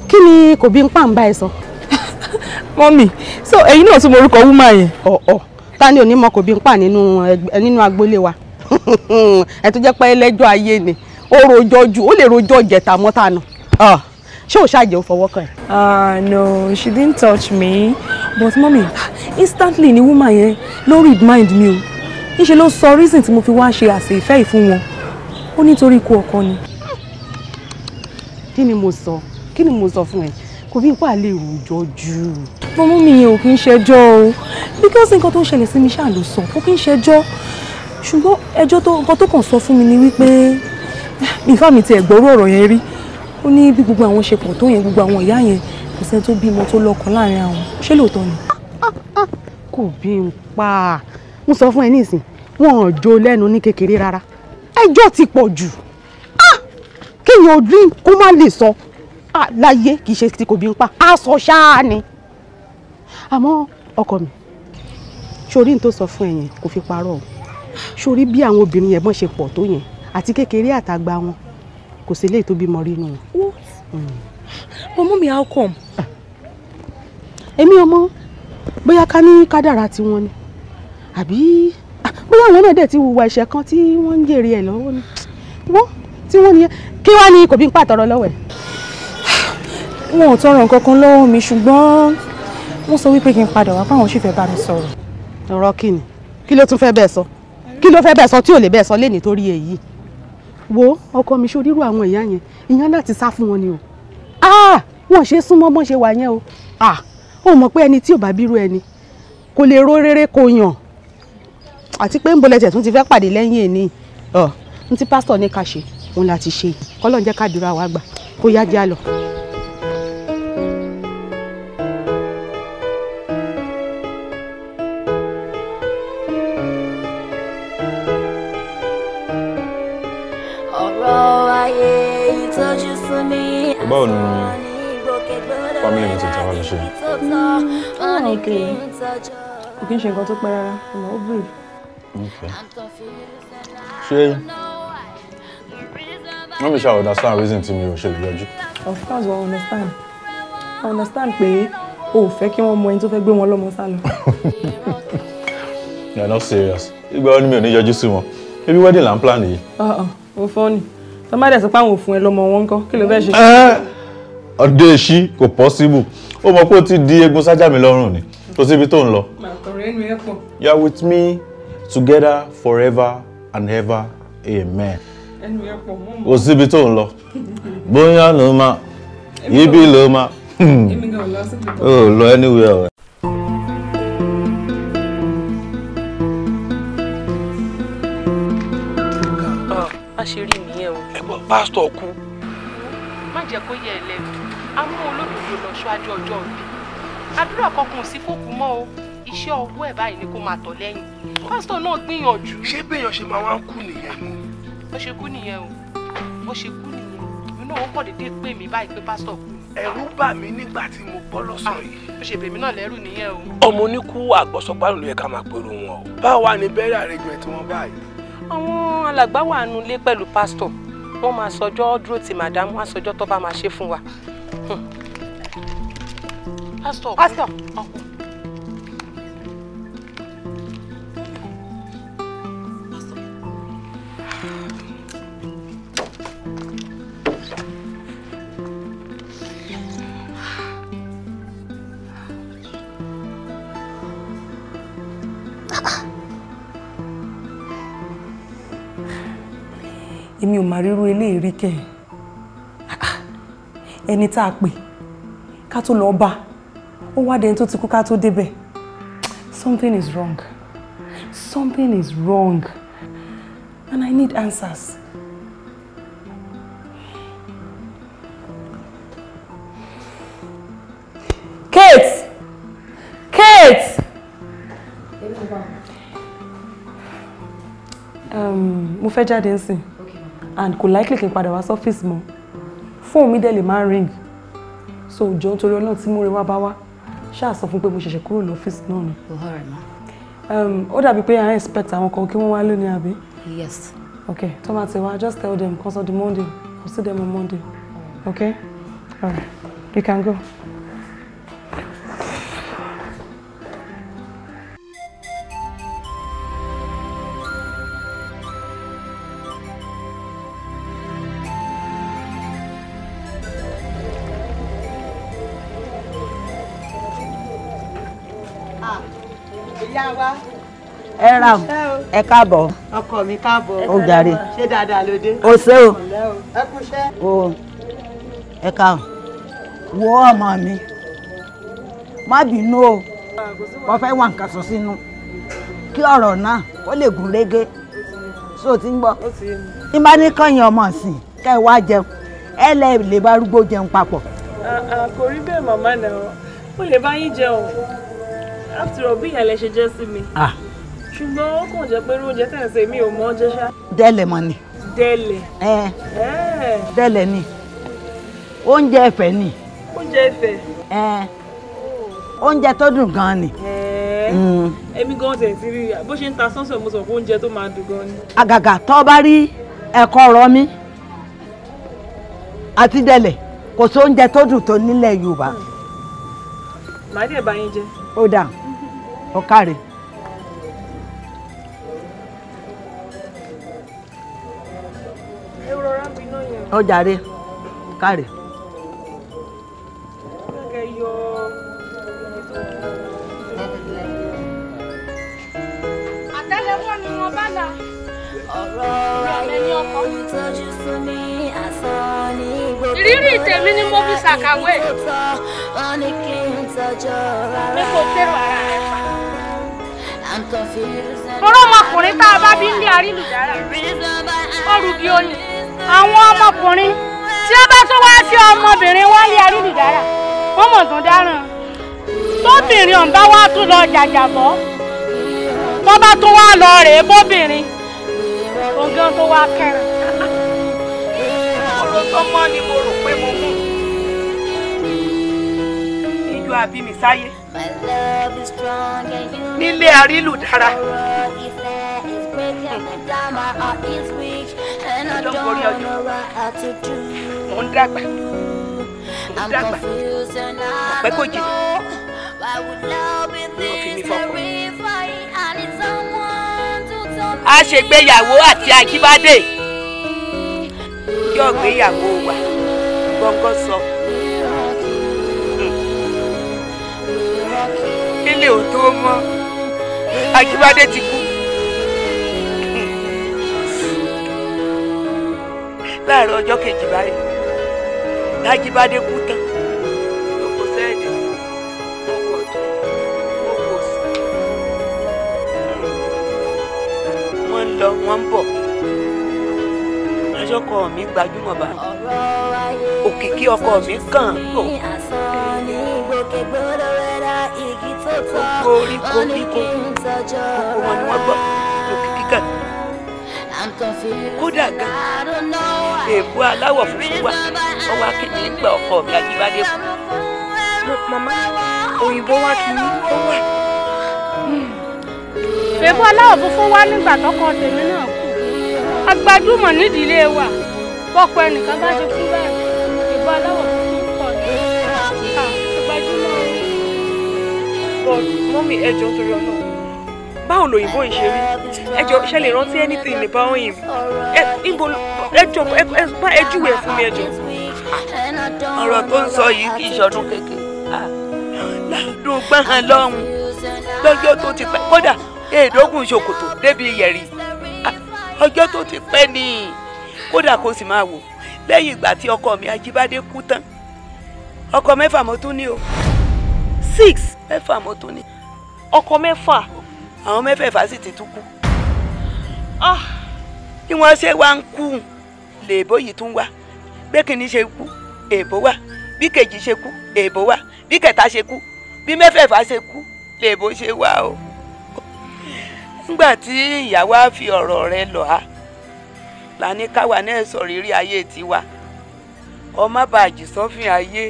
kí ni kò bí ń pàǹbá ẹ sọ. mọ́mì so ẹ̀yin náà tún morúkọ woman yẹn. ọ̀ọ̀ ta ni onímọ̀ kò bí ń pa nínú agboolé wa ẹ̀ tó jẹ́ pé ẹlẹ́jọ́ ayé ni ó rojọ́ ju ó lè rojọ́ jẹ̀ta mọ́ta nù ṣé o ṣàjẹ́ o fọwọ́ kàn ẹ́. ah no she didn't touch me but mummy instantly ni woman yẹn ló read mind mi o níṣẹ́ ló sọ reason tí mo fi wá ṣe àṣẹ ìfẹ́ yìí fún wọn ó nítorí ikú ọkọ ni. kí ni mo sọ kí ni mo sọ fún ẹ kò bí ipá lè rojọ́ jù bọ́ mú mi yẹn ò kí ń ṣẹjọ́ o because nǹkan tó ń ṣẹlẹ̀ sí mi ṣáà ló sọ kó kí ń ṣẹjọ́ ṣùgbọ́n ẹjọ́ tó nǹkan tó kàn sọ fún mi ni wípé ìfá mi ti ẹ̀gbọ́rú ọ̀rọ̀ yẹn rí ó ní bí gbogbo àwọn ṣe pọ̀ tó yẹn gbogbo àwọn ìyá yẹn kò sẹ́ni tó bímọ tó lọ́kọ láàrin àwọn ṣé lóòótọ́ ni. kò bí n pa mo sọ fún ẹ nísìn wọn ò jó lẹ́nu ní kékeré rárá ẹjọ́ ti pọ̀ jù ah! kéèyàn ojú kó má lè sọ ah, láyé kì í ṣe tí kò bí n pa á ṣáá ni àmọ́ ọkọ mi sórí n tó sọ fún ẹ yẹn kò fi parọ́ o sórí bí àwọn obìnrin yẹn bọ́n ṣe pọ̀ tó yẹn àti kékeré àtàgbà wọn kò sí eléyìí tó bímọ rí nù. Hmm. but mummy how come. Ah. èmi ọmọ bóyá ká ní kádàrá tiwọn ni àbí ah, bóyá àwọn náà dẹ̀ ti hùwà ẹ̀ṣẹ̀ kan tí wọ́n ń jèrè ẹ̀ lọ́wọ́ ni wọ́n tí wọ́n ní kí wàá ní kò bí ń pàtọ́rọ lọ́wọ́ ẹ̀. wọn ò tọrọ nǹkan kan lọ́wọ́ mi ṣùgbọ́n wọ́n sọ wípé kí n padà wá páwọn ṣì fẹ́ bá mi sọ̀rọ̀. ọ̀rọ̀ kí ni kí ló tún fẹ́ bẹ́ẹ̀ sọ kí ló fẹ́ bẹ́ẹ̀ sọ tí ò lè bẹ́ẹ̀ sọ lé nítorí èyí wo ọkọ mi ṣe onírú àwọn ìyá yẹn ìyẹn láti sá fún wọn ni o ah! wọn ṣe súnmọ́ bọ́n ṣe wà yẹn o ah! ó mọ̀ pé ẹni tí ò bá bírú ẹni kò lè ró rere kò yàn àti pé ń bolẹ̀ tẹ̀ tún ti fẹ́ pàdé lẹ́yìn èní n tí pásítọ̀ ní ká ṣe òun láti ṣe kọ́lọ́ọ̀ jẹ́ ká dúró àwa gbà kó yá jẹ́ àlọ́. báwo ni family mi ti tàwa lọ ṣe. ah hmm, ok kò kí n ṣe nǹkan tó pẹ́ rárá ìmọ̀ ó bìrì. ṣé wọ́n mi ṣe understand reason tí mi ò ṣe lè yọjú. of course I understand I understand pé o ò fẹ́ kí wọ́n mọ ẹni tó fẹ́ gbé wọn lọ́mọ sá you are not serious. ìgbà wo ni mi ò ní yọjú sí wọn ebi wedding là ń plan yìí. ó uh-uh, fọ́ ni tó má dẹ̀ sọ pé àwọn òfin ẹ wọn kọ́ kí ló fẹ́ ṣe. ọdẹ èṣí kò possible ó mọ̀ pé ó ti di egun sájà mi lọ́rùn ni kò síbi tó ń lọ. màkọ̀rọ̀ ẹnu ẹ pọ̀. you are with me together forever and ever amen. ẹnu ẹ pọ̀ mọ́ mọ́. kò síbi tó ń lọ bóyá ló máa ibi ló máa. èmi gan lọ síbi tó. ó lọ anywhere. ṣe rí mi pásítọ̀ kú. má jẹ́ kó yẹ ẹlẹ́nu a mú olódodo lọ ṣáájú ọjọ́ òbí àdúrà kankan sí fòkú mọ́ o iṣẹ́ ọwọ́ ẹ̀ báyìí ni kó máa tọ̀ lẹ́yìn pásítọ̀ náà gbìyànjú. ṣé béèyàn ṣe máa wá ń kú nìyẹn. bó ṣe kú nìyẹn o bó ṣe kú nìyẹn èmi náà ó pọ̀ déédéé pè mí báyìí pé pásítọ̀ kú. ẹ̀rù bà mí nígbà tí mo gbọ́ lọ́sàn yìí. bó ah, ṣe bèmí náà lẹ́rù nìyẹn o. ọmọ oníkú àgbọ̀sọ̀gbárù ló yẹ ká máa pèrò wọn o. báwa ni bẹ́ẹ̀rẹ̀ àrègbè tí wọ́n báyìí. àwọn alàgbà wà nulẹ̀ pẹ̀lú pásítọ̀ wọ́n máa sọjọ́ dúró ti màdámù wá sọjọ́ tó bá máa ṣe fún wa. Hmm. pásítọ̀ pásítọ̀ ọkùnrin. èmi ò máa ríru eléyìí kẹ ah, ẹni tá a pè ká tó lọ bá ó wá tó ti kú ká tó débẹ̀ something is wrong something is wrong and I need answers. Kate! Kate! Um, mo fẹ́ jáde nsìn and kò likely kí n padà wá sọ́fíìsì mọ́ fóònù mi dẹ̀ lè máa ring so òjò nítorí ọlọ́run tí mo rí wá bá wá ṣáà sọ fún pé mo ṣẹ̀ṣẹ̀ kúrò lọ́fíìsì náà ni. Um, ó dàbí pé i expect àwọn kan kí wọ́n wá lónìí àbí. yes. okay tó bá ti wá just tell them Cause on the monday i'll see them on monday okay all right you can go. ẹ ọkọ mi káàbọ̀. ó ṣé dáadáa ló dé. o o. ẹ ọmọ mi má bínú o wọ́n fẹ́ wà nǹkan sọ sínú kí ọ̀rọ̀ náà ó lè gún régé so ti ń gbọ́. ní bá ní kọ́yìn ọmọ sí kẹ́ ẹ wá jẹun ẹ lẹ lè bá arúgbó jẹun kò rí bẹ́ẹ̀ màmá náà ó lè bá yín jẹun after all bí ṣe jẹ́ sí mi. ṣùgbọ́n ó kàn jẹ́ pé irú oúnjẹ tẹ̀ ń ṣe mi ò mọ̀ jẹ́ ṣá. dẹ́lẹ̀ mọ̀ ni. dẹ́lẹ̀. ẹ ẹ dẹ́lẹ̀ ni oúnjẹ ẹ̀fẹ̀ ni. oúnjẹ ẹ̀fẹ̀. ẹ oúnjẹ tó dùn gan ni. Mm. èmi gan tẹ̀ sí rí bó ṣe ń ta sọ́sọ̀ mo sọ pé oúnjẹ tó máa dùn gan ni. àgàgà tó bá rí ẹ̀kọ́ ọ̀rọ̀ mi àti dẹ́lẹ̀ kò sí oúnjẹ tó dùn tó nílẹ̀ Yorùbá. màá dẹ̀ bá yín jẹ. ó dà ọ̀kàrẹ̀. ọjàre káre. àtẹ́lẹwọ́ ni mo bá là. Ìrírí tèmi ni mo fi ṣàkàwé. Mi kò fẹ́ràn ara rẹ̀ pa. Tọ́rọ́ ọmọkùnrin tá a bá bí ń lé àrílù dára. ó ní àwọn ọmọkùnrin tí ó bá tún wáá fi ọmọbìnrin wá lé arínìdára wọn mọ̀ tún dáràn tóbìnrin ọ̀hún bá tún lọ jàjàbọ́ tó bá tún wá lọ rèé bóbìnrin ògán tó wá kẹrin. ọ̀rọ̀ tó mọ́ ni mo rò pé mo mú ìjọ àbí sáyé nílé arílùdára. I tó ń gorí ọjọ́ mò ń dàgbà mò ń dàgbà ọ̀pẹ́ kò jìnnà mo fi mi fọkọ. a ṣègbéyàwó àti àjíbádé yóò gbéyàwó wa gbọ́ngàn sọ. Hmm. kílè ò tó mọ́ àjíbádé ti kú. láàárọ̀ ọjọ́ kejì báyìí tájíbádé kú tán ló kó sẹ́ẹ̀dẹ̀ mo sí. wọ́n ń lọ wọ́n ń bọ̀ lọ́sọ́kọ mi gbajúmọ̀ bá òkìkí ọkọ mi kàn kò. gbogbo orí koríko gbogbo wọn ni wọ́n gbọ́ òkìkí kàn kódà gan èèbù aláwọ̀ funfun wà ọwọ́ akéde nígbà ọkọ mi àjíbádé kù. màmá òyìnbó wá kí ni ó wà. Hmm. èèbù aláwọ̀ funfun wá nígbà tọkọ tèmi náà kù agbájúmọ̀ nídìílé wa bọ́pọ̀ ẹnìkan bá ti kú báyìí èèbù aláwọ̀ funfun pọ̀ ní agbájúmọ̀ bọ́ọ̀lù mọ́mí ẹjọ́ torí ọ̀nà báwo lòyìnbó yìí ṣe rí ẹjọ ṣe lè rántí anything about him ìbò ẹjọ bá ẹjúwe fún mi ẹjọ. ọ̀rọ̀ tó ń sọ yìí kì í ṣọdún kékeré ládùn gbọ́n lọ́hùn lọ́jọ́ tó ti pẹ́ kódà èèdógún ṣòkòtò débi yẹ̀rì ọjọ́ tó ti pẹ́ ni kódà kó sì máa wò lẹ́yìn ìgbà tí ọkọ mi ajíbádé kú tán ọkọ mẹ́fà mo tún ní o six mẹ́fà mo tún ní ọkọ mẹ́fà àwọn mẹ́fẹ̀ẹ̀fà sì ti tún kú Ah, bí wọ́n ṣe wá ń kú lèèbó yìí tún wá bí kìíní ṣe kú èèbó wá bí kejì ṣe kú èèbó wá bí kẹta ṣe kú bí mẹ́fẹ̀ẹ̀fà ṣe kú lèèbó ṣe wá o nígbà tí ìyàwó á fi ọ̀rọ̀ rẹ lọ̀ á la ní káwa náà sọ rírí ayé tiwa ọmọ bàjì sọfìn ayé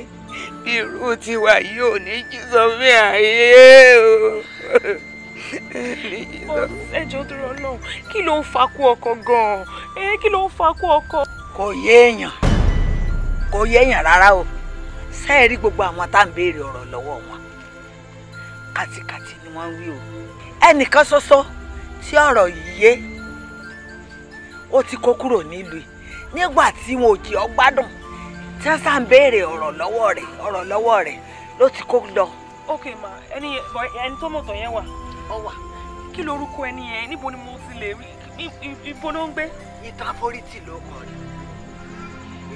irú tiwa yìí ò ní jí sọfìn ayé o. ẹjọ́ tó rọ náà kí ló ń fakú ọkọ gan-an kí ló ń fakú ọkọ. kò yé èèyàn kò yé èèyàn rárá o sẹ́ẹ̀ rí gbogbo àwọn tá à ń béèrè ọ̀rọ̀ lọ́wọ́ wọn kàtìkàtì ni wọ́n ń wí o ẹnìkan ṣoṣo tí ọ̀rọ̀ yìí yé ó ti kó kúrò nílùú nígbà tí wọn ò jí ọ gbádùn tí wọ́n sá ń béèrè ọ̀rọ̀ lọ́wọ́ rẹ̀ ọ̀rọ̀ lọ́wọ́ rẹ̀ ló ti kó lọ. ok ma ẹni ẹni tó mọ̀tọ̀ yẹn wà ọwà kí lorúkọ ẹni yẹn níbo ni mo ti lè rí ibo ló ń gbé. ìtàforíti ló kọ rẹ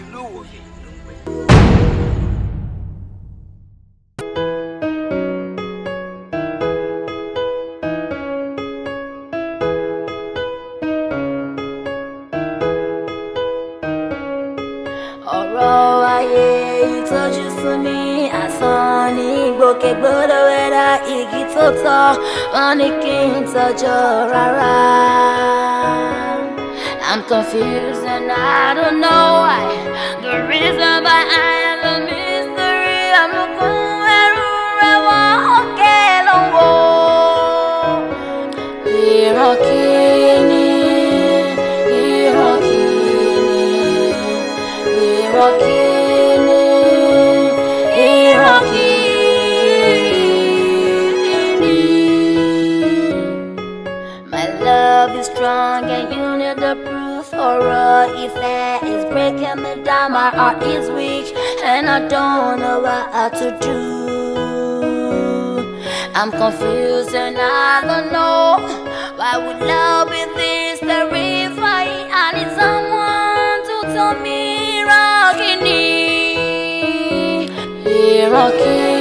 ìlú òwòye ló ń gbé. ọ̀rọ̀ ayé ìtọ́jú sún mi. igi rárá. I'm confused and I don't know why. The reason why I. now my heart is weak and I don't know what to do. I'm confused and I don't know why would love be this terrifying. I need someone to tell me, Rocky, Rocky.